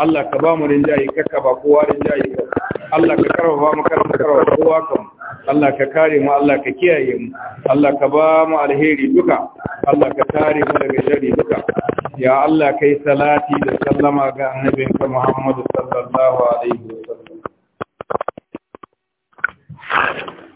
Allah ka ba mu rinjaye kakka ba kowa rinjaye ba Allah ka karfafa mu karfafa karfafa kowa kan Allah ka kare mu Allah ka kiyaye mu Allah ka ba mu alheri duka Allah ka kare mu daga shari duka ya Allah kai salati da sallama ga annabin ka Muhammad sallallahu alaihi wasallam